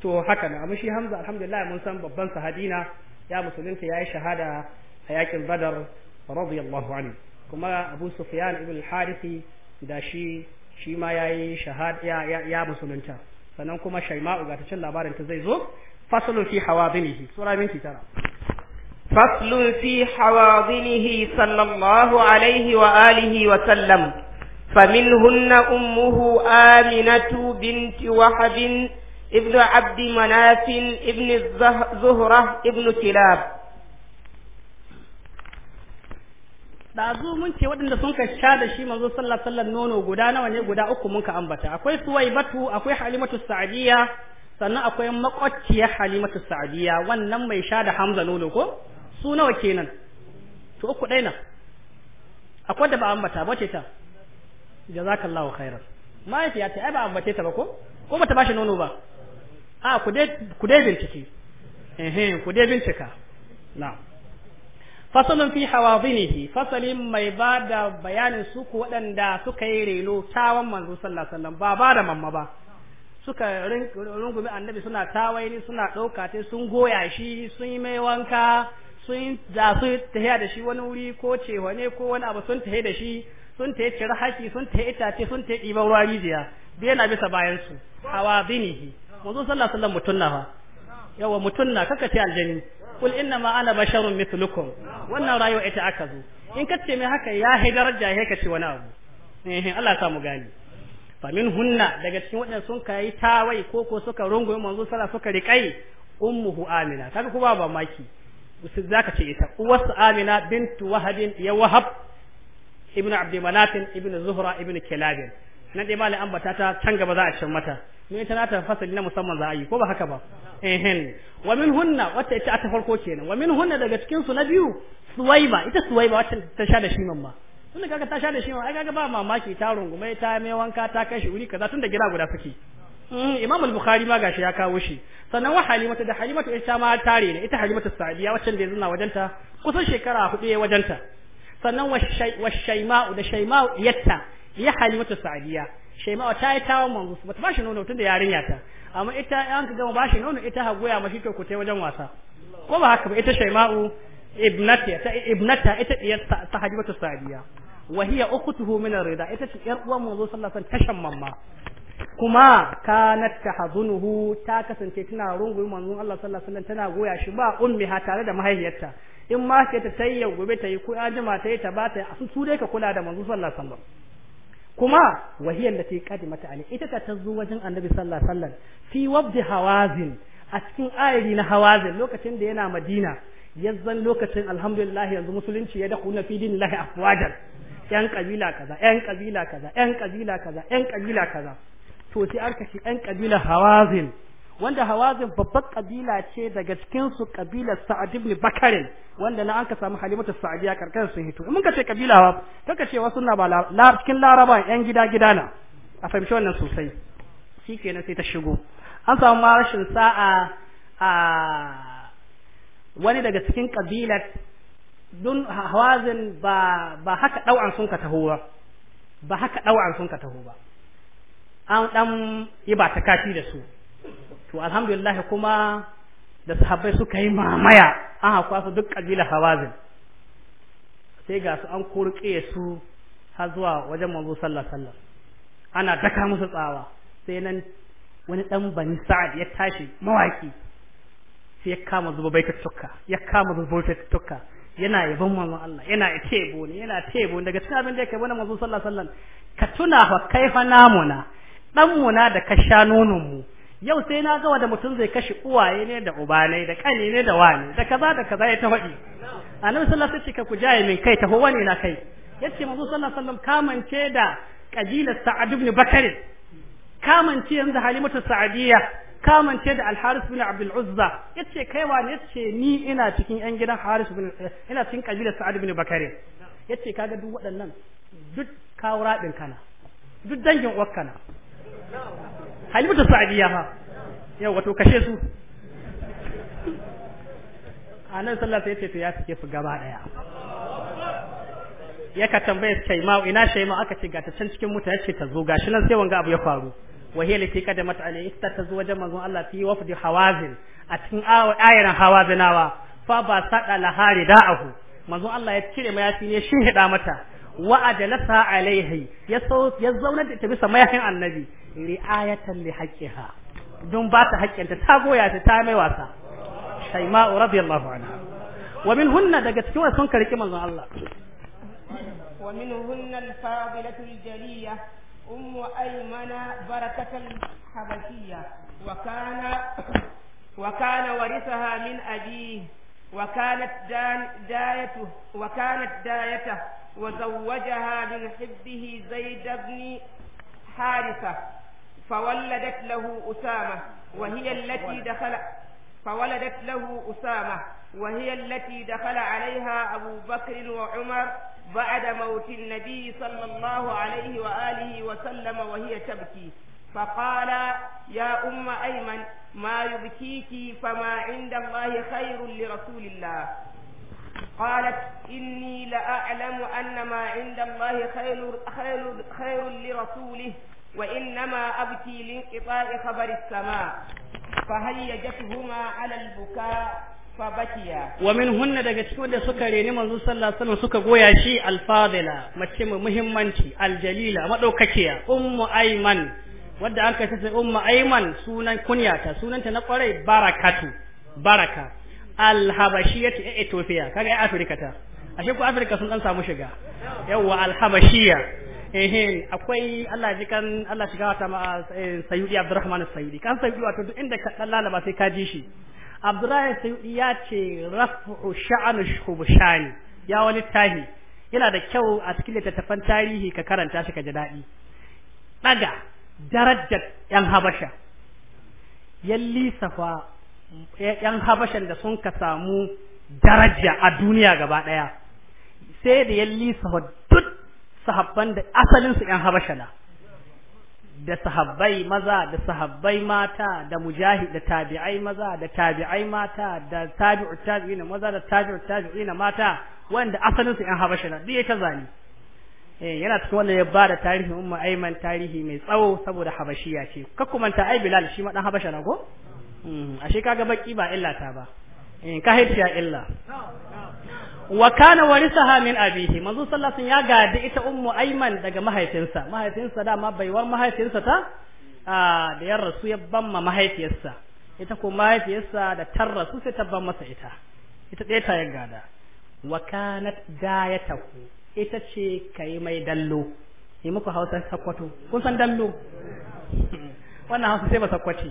to haka na amma shi hamza alhamdulillah mun san babban sahadina ya musulunta yayi shahada a yakin badar radiyallahu anhu kuma abu sufyan ibn al da shi shi ma yayi shahada ya, ya musulunta sannan kuma shaima'u ga ta cin labarin ta zai zo fasalun fi hawadinihi sura minti tara فصل في حواضنه صلى الله عليه
وآله وسلم فمنهن أمه آمنة بنت وحب ابن عبد مناف ابن الزهرة ابن كلاب
dazu mun ce waɗanda sun sha da shi manzo sallallahu alaihi nono guda nawa ne guda uku mun ka ambata akwai suwaibatu akwai halimatu sa'diya sannan akwai makwacciyar halimatu sa'diya wannan mai sha da hamza nono ko su nawa kenan to uku ɗaya na akwai da ba ambata ba ce ta jazakallahu khairan mahaifiya ta ai ba ambace ta ba ko ko bata bashi nono ba a ku dai ku dai bincike eh ku dai bincika na fasalun fi hawadinihi fasalin mai bada bayanin su ku waɗanda suka yi relo tawan manzo sallallahu alaihi wasallam ba ba da mamma ba suka rungumi annabi suna tawaini suna ɗauka sun goya shi sun yi mai wanka sun za su tahiya da shi wani wuri ko ce wane ko wani abu sun tahiya da shi sun tahiya cire haki sun tahiya itace sun tahiya ɗiban ruwa rijiya biya na bisa bayan su hawa zinihi manzo sallallahu alaihi mutum na fa yawa mutum kaka ce aljani kul inna ma ana basharun mithlukum wannan rayuwa ita aka zo in ka ce mai haka ya hai daraja ya kace ce wani abu eh Allah ya samu gani fa min hunna daga cikin waɗanda sun kai tawai ko ko suka rungume manzo sallallahu suka riƙai ummuhu amina kaga ku ba mamaki za ka ce ita uwarsu amina bintu wahabin ya wahab ibn abdimanatin ibn zuhra ibn kilabin nan dai malai ambata ta can gaba za a cin mata ne ta nata fasali na musamman za a yi ko ba haka ba ehen wa min hunna wata ita ta farko kenan wa min hunna daga cikin su na biyu suwaiba ita suwaiba wacce ta sha da shi mamma tun da kaga ta sha da shi ai kaga ba mamaki ta rungume ta mai wanka ta kai shi wuri kaza tun da gida guda suke Mm, Imam al-Bukhari ma gashi ya kawo shi sannan wa Halimatu da Halimatu ita ma tare ne ita Halimatu Sa'diya wacce da yanzu na wajenta kusan shekara hudu ya wajenta sannan wa Shaima'u da Shaima'u yatta ya Halimatu Sa'diya Shaima'u ta yi tawon manzo ba ta bashi nono tun da yarinya ta amma ita an ka gama bashi nono ita ha goya mashi to ku tai wajen wasa ko ba haka ba ita Shaima'u ibnata ta ibnata ita diyar ta Halimatu Sa'diya wa hiya ukhtuhu min ar-rida ita ce yar uwan manzo sallallahu alaihi wasallam tashan mamma kuma kanat tahzunuhu ta kasance tana rungume manzon Allah sallallahu alaihi wasallam tana goya shi ba ummiha tare da mahaifiyarta in ma ke ta tayyau gobe ta yi ko ya jima ta yi ta ba ta su su dai ka kula da manzon sallallahu alaihi wasallam kuma wahiyar da ta a ne ita ta tazo wajen annabi sallallahu alaihi wasallam fi wabdi hawazin a cikin ayari na hawazin lokacin da yana madina yanzan lokacin alhamdulillah yanzu musulunci ya dakhuluna fi dinillahi afwajan yan kabila kaza yan kabila kaza yan kabila kaza yan kabila kaza to sai an kashi ɗan ƙabilar hawazin wanda hawazin babban ƙabila ce daga cikin su ƙabilar sa'ad ibn bakarin wanda na an ka samu halimatu sa'adiya karkar sun hito mun ka ce ƙabila wa kaka ce wasu na ba cikin laraba yan gida gida na a fahimci wannan sosai shikenan sai ta shigo an samu ma rashin sa'a a wani daga cikin ƙabilar dun hawazin ba ba haka ɗau'an sun ka taho ba ba haka ɗau'an sun ka taho ba an dan yi ba ta kashi da su to alhamdulillah kuma da sahabbai suka yi mamaya an hakuwa su duk kabila hawazin sai ga su an kurke su har zuwa wajen manzo sallallahu alaihi ana daka musu tsawa sai nan wani dan bani sa'ad ya tashi mawaki sai ya kama zuba bai tukka ya kama zuba bai tukka yana yabon manzon Allah yana tebo ne yana tebo daga cikin abin da ya kai wani sallallahu alaihi wasallam ka tuna fa kaifa namuna ɗanmu na da kasha sha mu yau sai na gawa da mutum zai kashe uwaye ne da ubanai da kane ne da wani da kaza da kaza ya ta A annabi sallallahu alaihi wasallam ku jaye min kai ta wani na kai yace manzo sallallahu alaihi wasallam kamance da kabilar sa'ad ibn bakr kamance yanzu halimatu sa'adiyya kamance da Alharis bin abdul uzza ce kai wani ce ni ina cikin yan gidan haris bin ina cikin kabilar sa'ad ibn bakr yace kaga duk waɗannan duk kawura din kana duk dangin uwar kana
halimta sa'adiyya ma yau wato kashe
su a nan sallar sai ce to ya fike su gaba daya yaka tambaye ma ina shaima aka ce ga ta can cikin mutane yace ta zo gashi nan sai wanga abu ya faru wa hiya lati qadamat alayhi ista ta zo wajen manzon Allah fi wafdi hawazin a cikin ayaran hawazinawa fa ba sada laha ridahu manzon Allah ya cire mayafi ne shin hida mata wa ajalasa alaihi ya ya zauna da ta bisa mayahin annabi ri'ayatan li haqqiha don ba ta haƙƙinta ta goya ta ta mai wasa shaima'u radiyallahu anha wa min hunna daga cikin wasu sun karki manzon Allah
wa min
hunna al-fadilatu al-jaliyah ummu aymana barakatul habashiyya wa kana wa kana warisaha min abihi وكانت wa وكانت دايته وزوجها من حبه زيد بن حارثة فولدت له أسامة وهي التي دخل فولدت له أسامة وهي التي دخل عليها أبو بكر وعمر بعد موت النبي صلى الله عليه وآله وسلم وهي تبكي فقال يا أم أيمن ما يبكيك فما عند الله خير لرسول الله قالت إني لأعلم أن ما عند الله خير, خير, خير لرسوله وإنما أبكي لانقطاع خبر السماء فهيجتهما على البكاء فبكيا
ومنهن daga cikin da suka reni manzo sallallahu alaihi wasallam suka goya shi alfadila mace mai muhimmanci aljalila madaukakiya ummu ayman wadda aka ce ummu ayman sunan kunyata sunanta na kwarai barakatu baraka alhabashiyatu ya kaga ya Afirka ta ashe ku Afirka sun dan samu shiga yawa alhabashiya ehe akwai Allah ji kan Allah shiga ta ma eh, Sayyidi Abdurrahman Sayyidi kan Sayyidi wato duk inda ka dan lalaba sai ka ji shi Abdurrahman Sayyidi ya ce raf'u sha'anu shubshani ya wani tahi yana da kyau a cikin littattafan tarihi ka karanta shi ka ji dadi daga darajar yan habasha yalli safa yan habashan da sun ka samu daraja a duniya gaba ɗaya sai da ya lisa duk sahabban da asalinsu yan habasha na da sahabbai maza da sahabbai mata da mujahid da tabi'ai maza da tabi'ai mata da tabi'u tabi'ina maza da tabi'u tabi'ina mata wanda asalinsu yan habasha na duk ta zani eh yana cikin wanda ya ba da tarihi umma aiman tarihi mai tsawo saboda habashiya ce ka kumanta ai bilal shi ma dan habasha na ko Hmm, ashe kaga baki ba illa ta ba in eh, ka haifiya illa wa kana warisaha min abihi manzo sallallahu ya gadi ita ummu ayman daga mahaifinsa mahaifinsa da ma baiwar mahaifinsa ta da yar rasu ya bamma mahaifiyarsa ita ko mahaifiyarsa da tar rasu sai ta ban masa ita ita ɗaya ta ya gada wa kanat gayatahu ita ce kai mai dallo yi muku hausa sakwato kun san dallo *laughs* wannan hausa sai ba sakwaci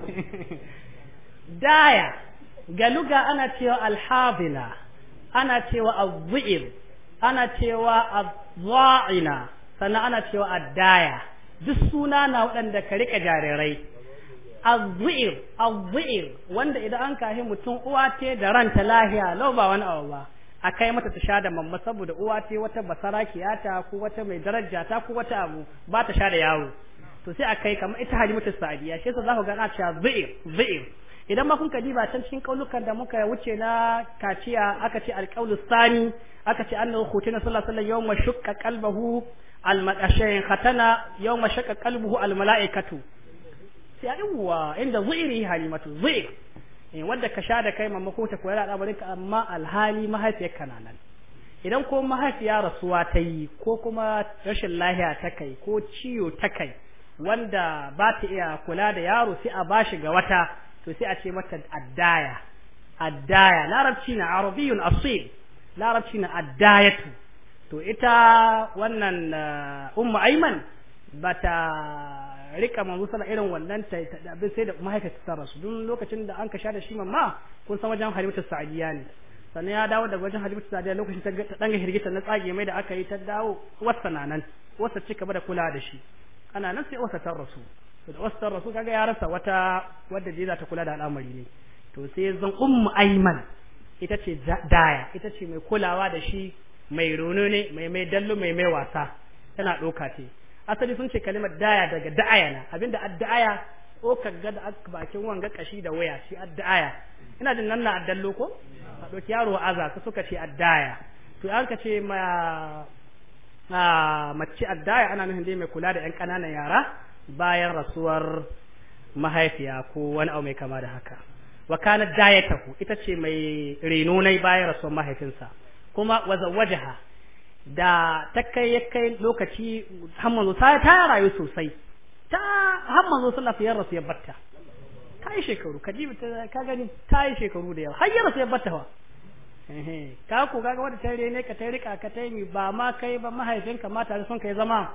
*laughs* daya ga luga ana cewa alhabila ana cewa abu'ir ana cewa abu'ina sannan ana cewa addaya duk suna na waɗanda ka riƙe jarirai abu'ir abu'ir wanda idan an kahi mutum uwa ce da ranta lahiya lau ba wani abu ba a kai mata ta sha da mamma saboda uwa ce wata basarakiya ta ko wata mai darajata ta ko wata abu ba ta sha da yawo to sai a kai kamar ita halimatu sa'diya shi yasa zaku ku ga na cewa zair zair idan ma kun ka diba can cikin kaulukan da muka wuce na kaciya aka ce alqaulu sani aka ce annahu khutina sallallahu alaihi wasallam yawma shaqqa qalbahu almadashayn khatana yawma shaqqa qalbuhu almalaikatu sai a yawa inda zairi halimatu zair in eh, wadda ka sha da kai mamako ta koyar da ka amma alhali mahaifiyar kana nan idan ko mahaifiya rasuwa ta yi ko kuma rashin lahiya ta kai ko ciwo ta kai wanda ba ta iya kula da yaro sai a ba shi ga wata to sai a ce mata addaya addaya larabci na arabiyun asil larabci na addayatu to ita wannan uh, umma aiman ba ta rika manzo sana irin wannan ta abin sai da mahaifiyarta ta rasu dun lokacin da an kasha da shi mamma kun san wajen halimatu sa'diya ne sannan ya dawo daga wajen halimatu sa'diya lokacin ta danga hirgita na tsage mai da aka yi ta dawo wasa nan wasa ci gaba da kula da shi ana nan sai wasatar rasul to da wasatar rasu kaga ya rasa wata wadda zai za ta kula da al'amari ne to sai zan ummu ayman ita ce daya ita ce mai kulawa da shi mai rono ne mai mai dallo mai mai wasa tana doka ce asali sun ce kalimar daya daga da'aya na abinda adda'aya ko kaga da bakin wanga kashi da waya shi adda'aya ina jin nan na addallo ko a doki yaro aza suka ce addaya to an ka ce ma mace addaya ana nufin dai mai kula da ƴan ƙananan yara bayan rasuwar mahaifiya ko wani abu mai kama da haka wa kana dayatahu ita ce mai reno nai bayan rasuwar mahaifinsa kuma wa zawwajaha da ta kai ya kai lokaci hamman ta ta rayu sosai ta hamman zo sallah ya rasu ya batta ta yi shekaru ka ji ka gani ta yi shekaru da yawa har ya rasu ya batta wa ka ku ga wadda ta rene ka ta rika ka ta mi ba ma kai ba mahaifinka ma tare sun kai zama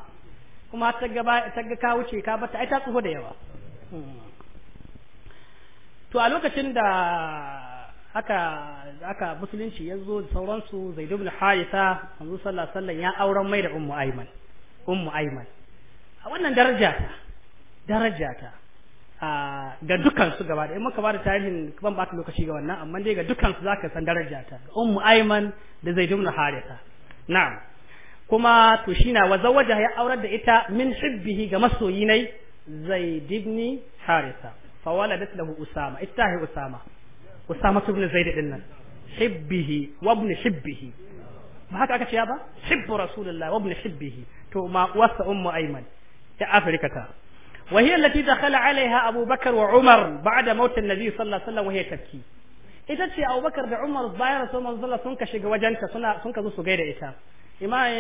kuma ta ga ta ga ka wuce ka bata ai ta tsoho da yawa hmm. to a lokacin da aka aka musulunci ya zo da sauransu zai ibn haritha manzo sallallahu alaihi ya auren mai da ummu aiman ummu aiman a wannan daraja ta ga su gaba da in muka bada tarihin ban bata lokaci ga wannan amma dai ga dukkan za ka san daraja ta ummu aiman da zaid ibn haritha na'am kuma to shina wa zawaja ya aurar da ita min hibbihi ga masoyi nai zaid ibn haritha fa waladat lahu usama ita usama usama ibn zaid din nan hibbihi wa ibn hibbihi ba haka aka ce ba hibbu rasulullahi wa ibn hibbihi to ma wasa ummu aiman ta afrika ta وهي التي دخل عليها أبو بكر وعمر بعد موت النبي صلى الله عليه وسلم وهي ita ce Abu Bakar da Umar bayan Rasulullah sun ka shiga wajenta suna sun ka zo su gaida ita imam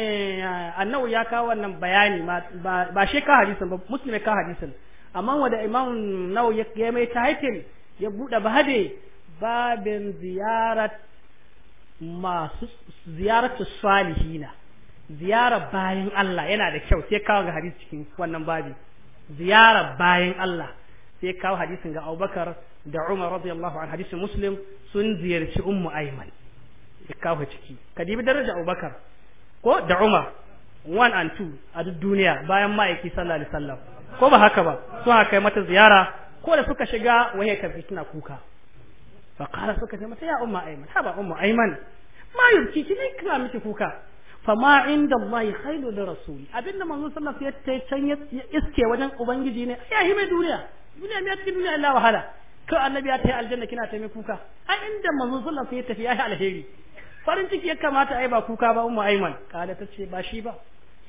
annawi ya kawo wannan bayani ba shi ka hadisin ba muslim ka hadisin amma wanda imam nawawi ya mai title ya bude bahade babin ziyarat masu ziyaratu salihina ziyarar bayan Allah yana da kyau sai kawo ga hadis cikin wannan babi ziyarar bayan Allah sai kawo hadisin ga Abubakar da Umar radiyallahu an hadisin Muslim sun ziyarci Ummu Ayman sai kawo ciki kadibi daraja Abubakar ko da Umar one and two a duk duniya bayan ma'aiki sallallahu alaihi wasallam ko ba haka ba sun haka mata ziyara ko da suka shiga waye ka fitina kuka fa qala suka ce mata ya umma ayman haba umma ayman ma ne kana miki kuka fama inda Allah khairu da rasul abinda manzon sallallahu alaihi wasallam ya can ya iske wajen ubangiji ne ya hime duniya duniya ne cikin duniya Allah wahala kai annabi ya tafi aljanna kina ta mai kuka ai inda manzon sallallahu alaihi wasallam ya tafi ya alheri farin ciki ya kamata ai ba kuka ba ummu aiman kada ta ce ba shi ba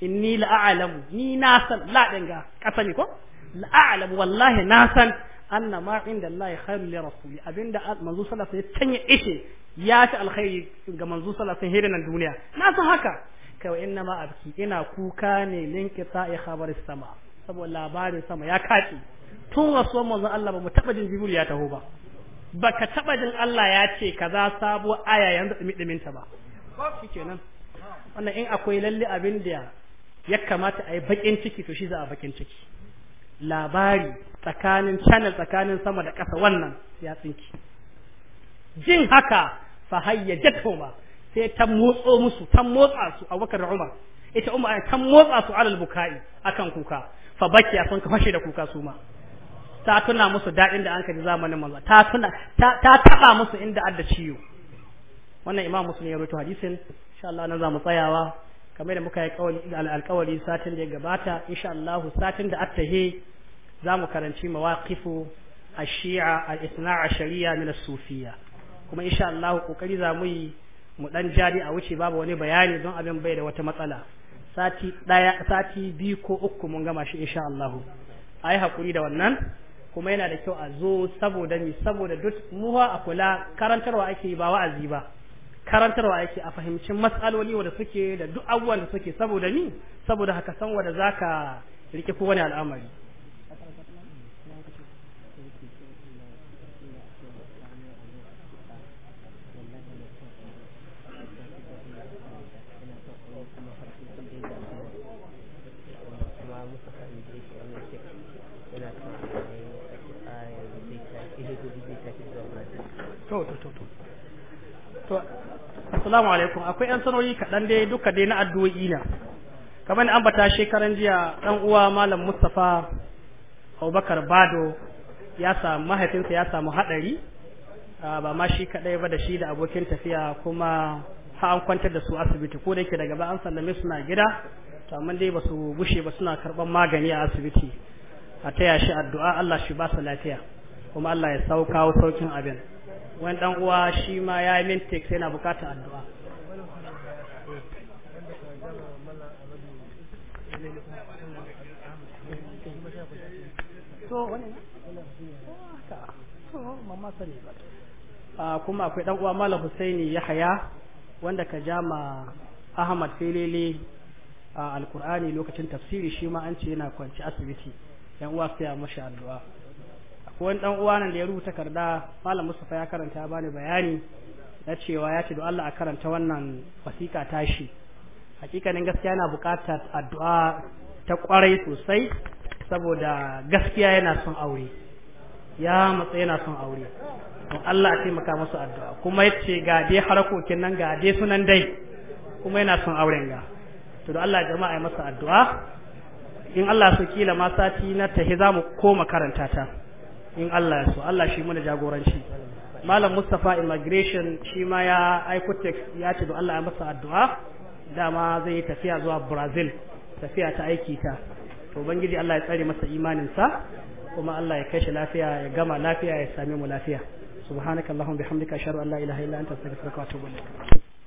inni la'alamu ni na san la danga kasani ko la'alamu wallahi na san anna ma inda Allah khairu li rasuli abinda manzo sallallahu alaihi wasallam ishe ya fi alkhairi ga manzo sallallahu alaihi wasallam duniya na san haka kai inna ma abki ina kuka ne linkita ya khabar sama saboda labarin sama ya kaci tun rasuwar manzon Allah ba mu taba jin jibril ya taho ba baka taba jin Allah ya ce kaza sabo aya yanzu dumi ta ba shikenan wannan in akwai lalle abin da ya kamata a yi bakin ciki to shi za a bakin ciki labari tsakanin channel tsakanin sama da ƙasa wannan ya tsinki jin haka fahayya jatoma sai ta motso musu ta motsa su a wakar Umar ita Umar ta motsa su alal bukai akan kuka fa a sun ka fashe da kuka su ma ta tuna musu daɗin da an ji zamanin manzo ta tuna ta taba musu inda adda ciwo wannan imam muslim ya rawaito hadisin insha Allah nan za tsayawa kamar da muka yi alƙawari satin da ya gabata insha Allah satin da attahe za mu karanci mawaƙifu a shia a ithna Shari'a min Sufiya kuma insha Allah kokari za mu yi mu ɗan jari a wuce babu wani bayani don abin bai da wata matsala sati daya sati biyu ko uku mun gama shi insha Allah ai hakuri da wannan kuma yana da kyau a zo saboda ni saboda duk muwa a kula karantarwa ake ba wa'azi ba karantarwa ake a fahimci matsaloli wanda suke da duk abubuwan da suke saboda ni saboda haka san wanda zaka rike ko wani al'amari assalamu alaikum akwai yan sanoyi kaɗan dai duka dai na addu'o'i na kamar an bata shekaran jiya ɗan uwa malam Mustapha Abubakar Bado ya samu mahaifinsa ya samu haɗari ah, ba ma shi kadai ba da shi da abokin tafiya kuma ha an kwantar da su asibiti ko da yake daga ba an sallame suna gida to amma dai ba su bushe ba suna karban magani a asibiti a taya shi addu'a Allah shi ba su lafiya kuma Allah ya sauka saukin abin wani dan uwa shi ma ya yi min sai yana bukatar addu'a kuma akwai dan uwa Malam Husaini haya wanda ka jama Ahmad Filili a Alkur'ani lokacin tafsiri shi ma an ce yana kwanci asibiti yan uwa sai a mashi addu'a ko wani dan uwa nan da ya rubuta karda malam Mustafa ya karanta bani bayani na cewa ya ce don Allah a karanta wannan wasiƙa ta tashi hakikanin gaskiya yana buƙatar addu'a ta ƙwarai sosai saboda gaskiya yana son aure ya matsa yana son aure don Allah a taimaka masu addu'a kuma ya ce ga dai harakokin nan gade sunan dai kuma yana son auren ga to da Allah jama'a ya masa addu'a in Allah su kila ma sati na tahi za mu koma karanta ta in Allah ya so Allah shi mana jagoranci malam Mustapha immigration shi ma ya aikotex ya ce Allah ya masa addu'a dama zai yi tafiya zuwa Brazil tafiya ta aiki ta to bangiji Allah ya tsare masa imanin sa kuma Allah ya kai shi lafiya ya gama lafiya ya same mu lafiya subhanakallahumma bihamdika ashhadu an la ilaha illa anta
astaghfiruka wa atubu ilaik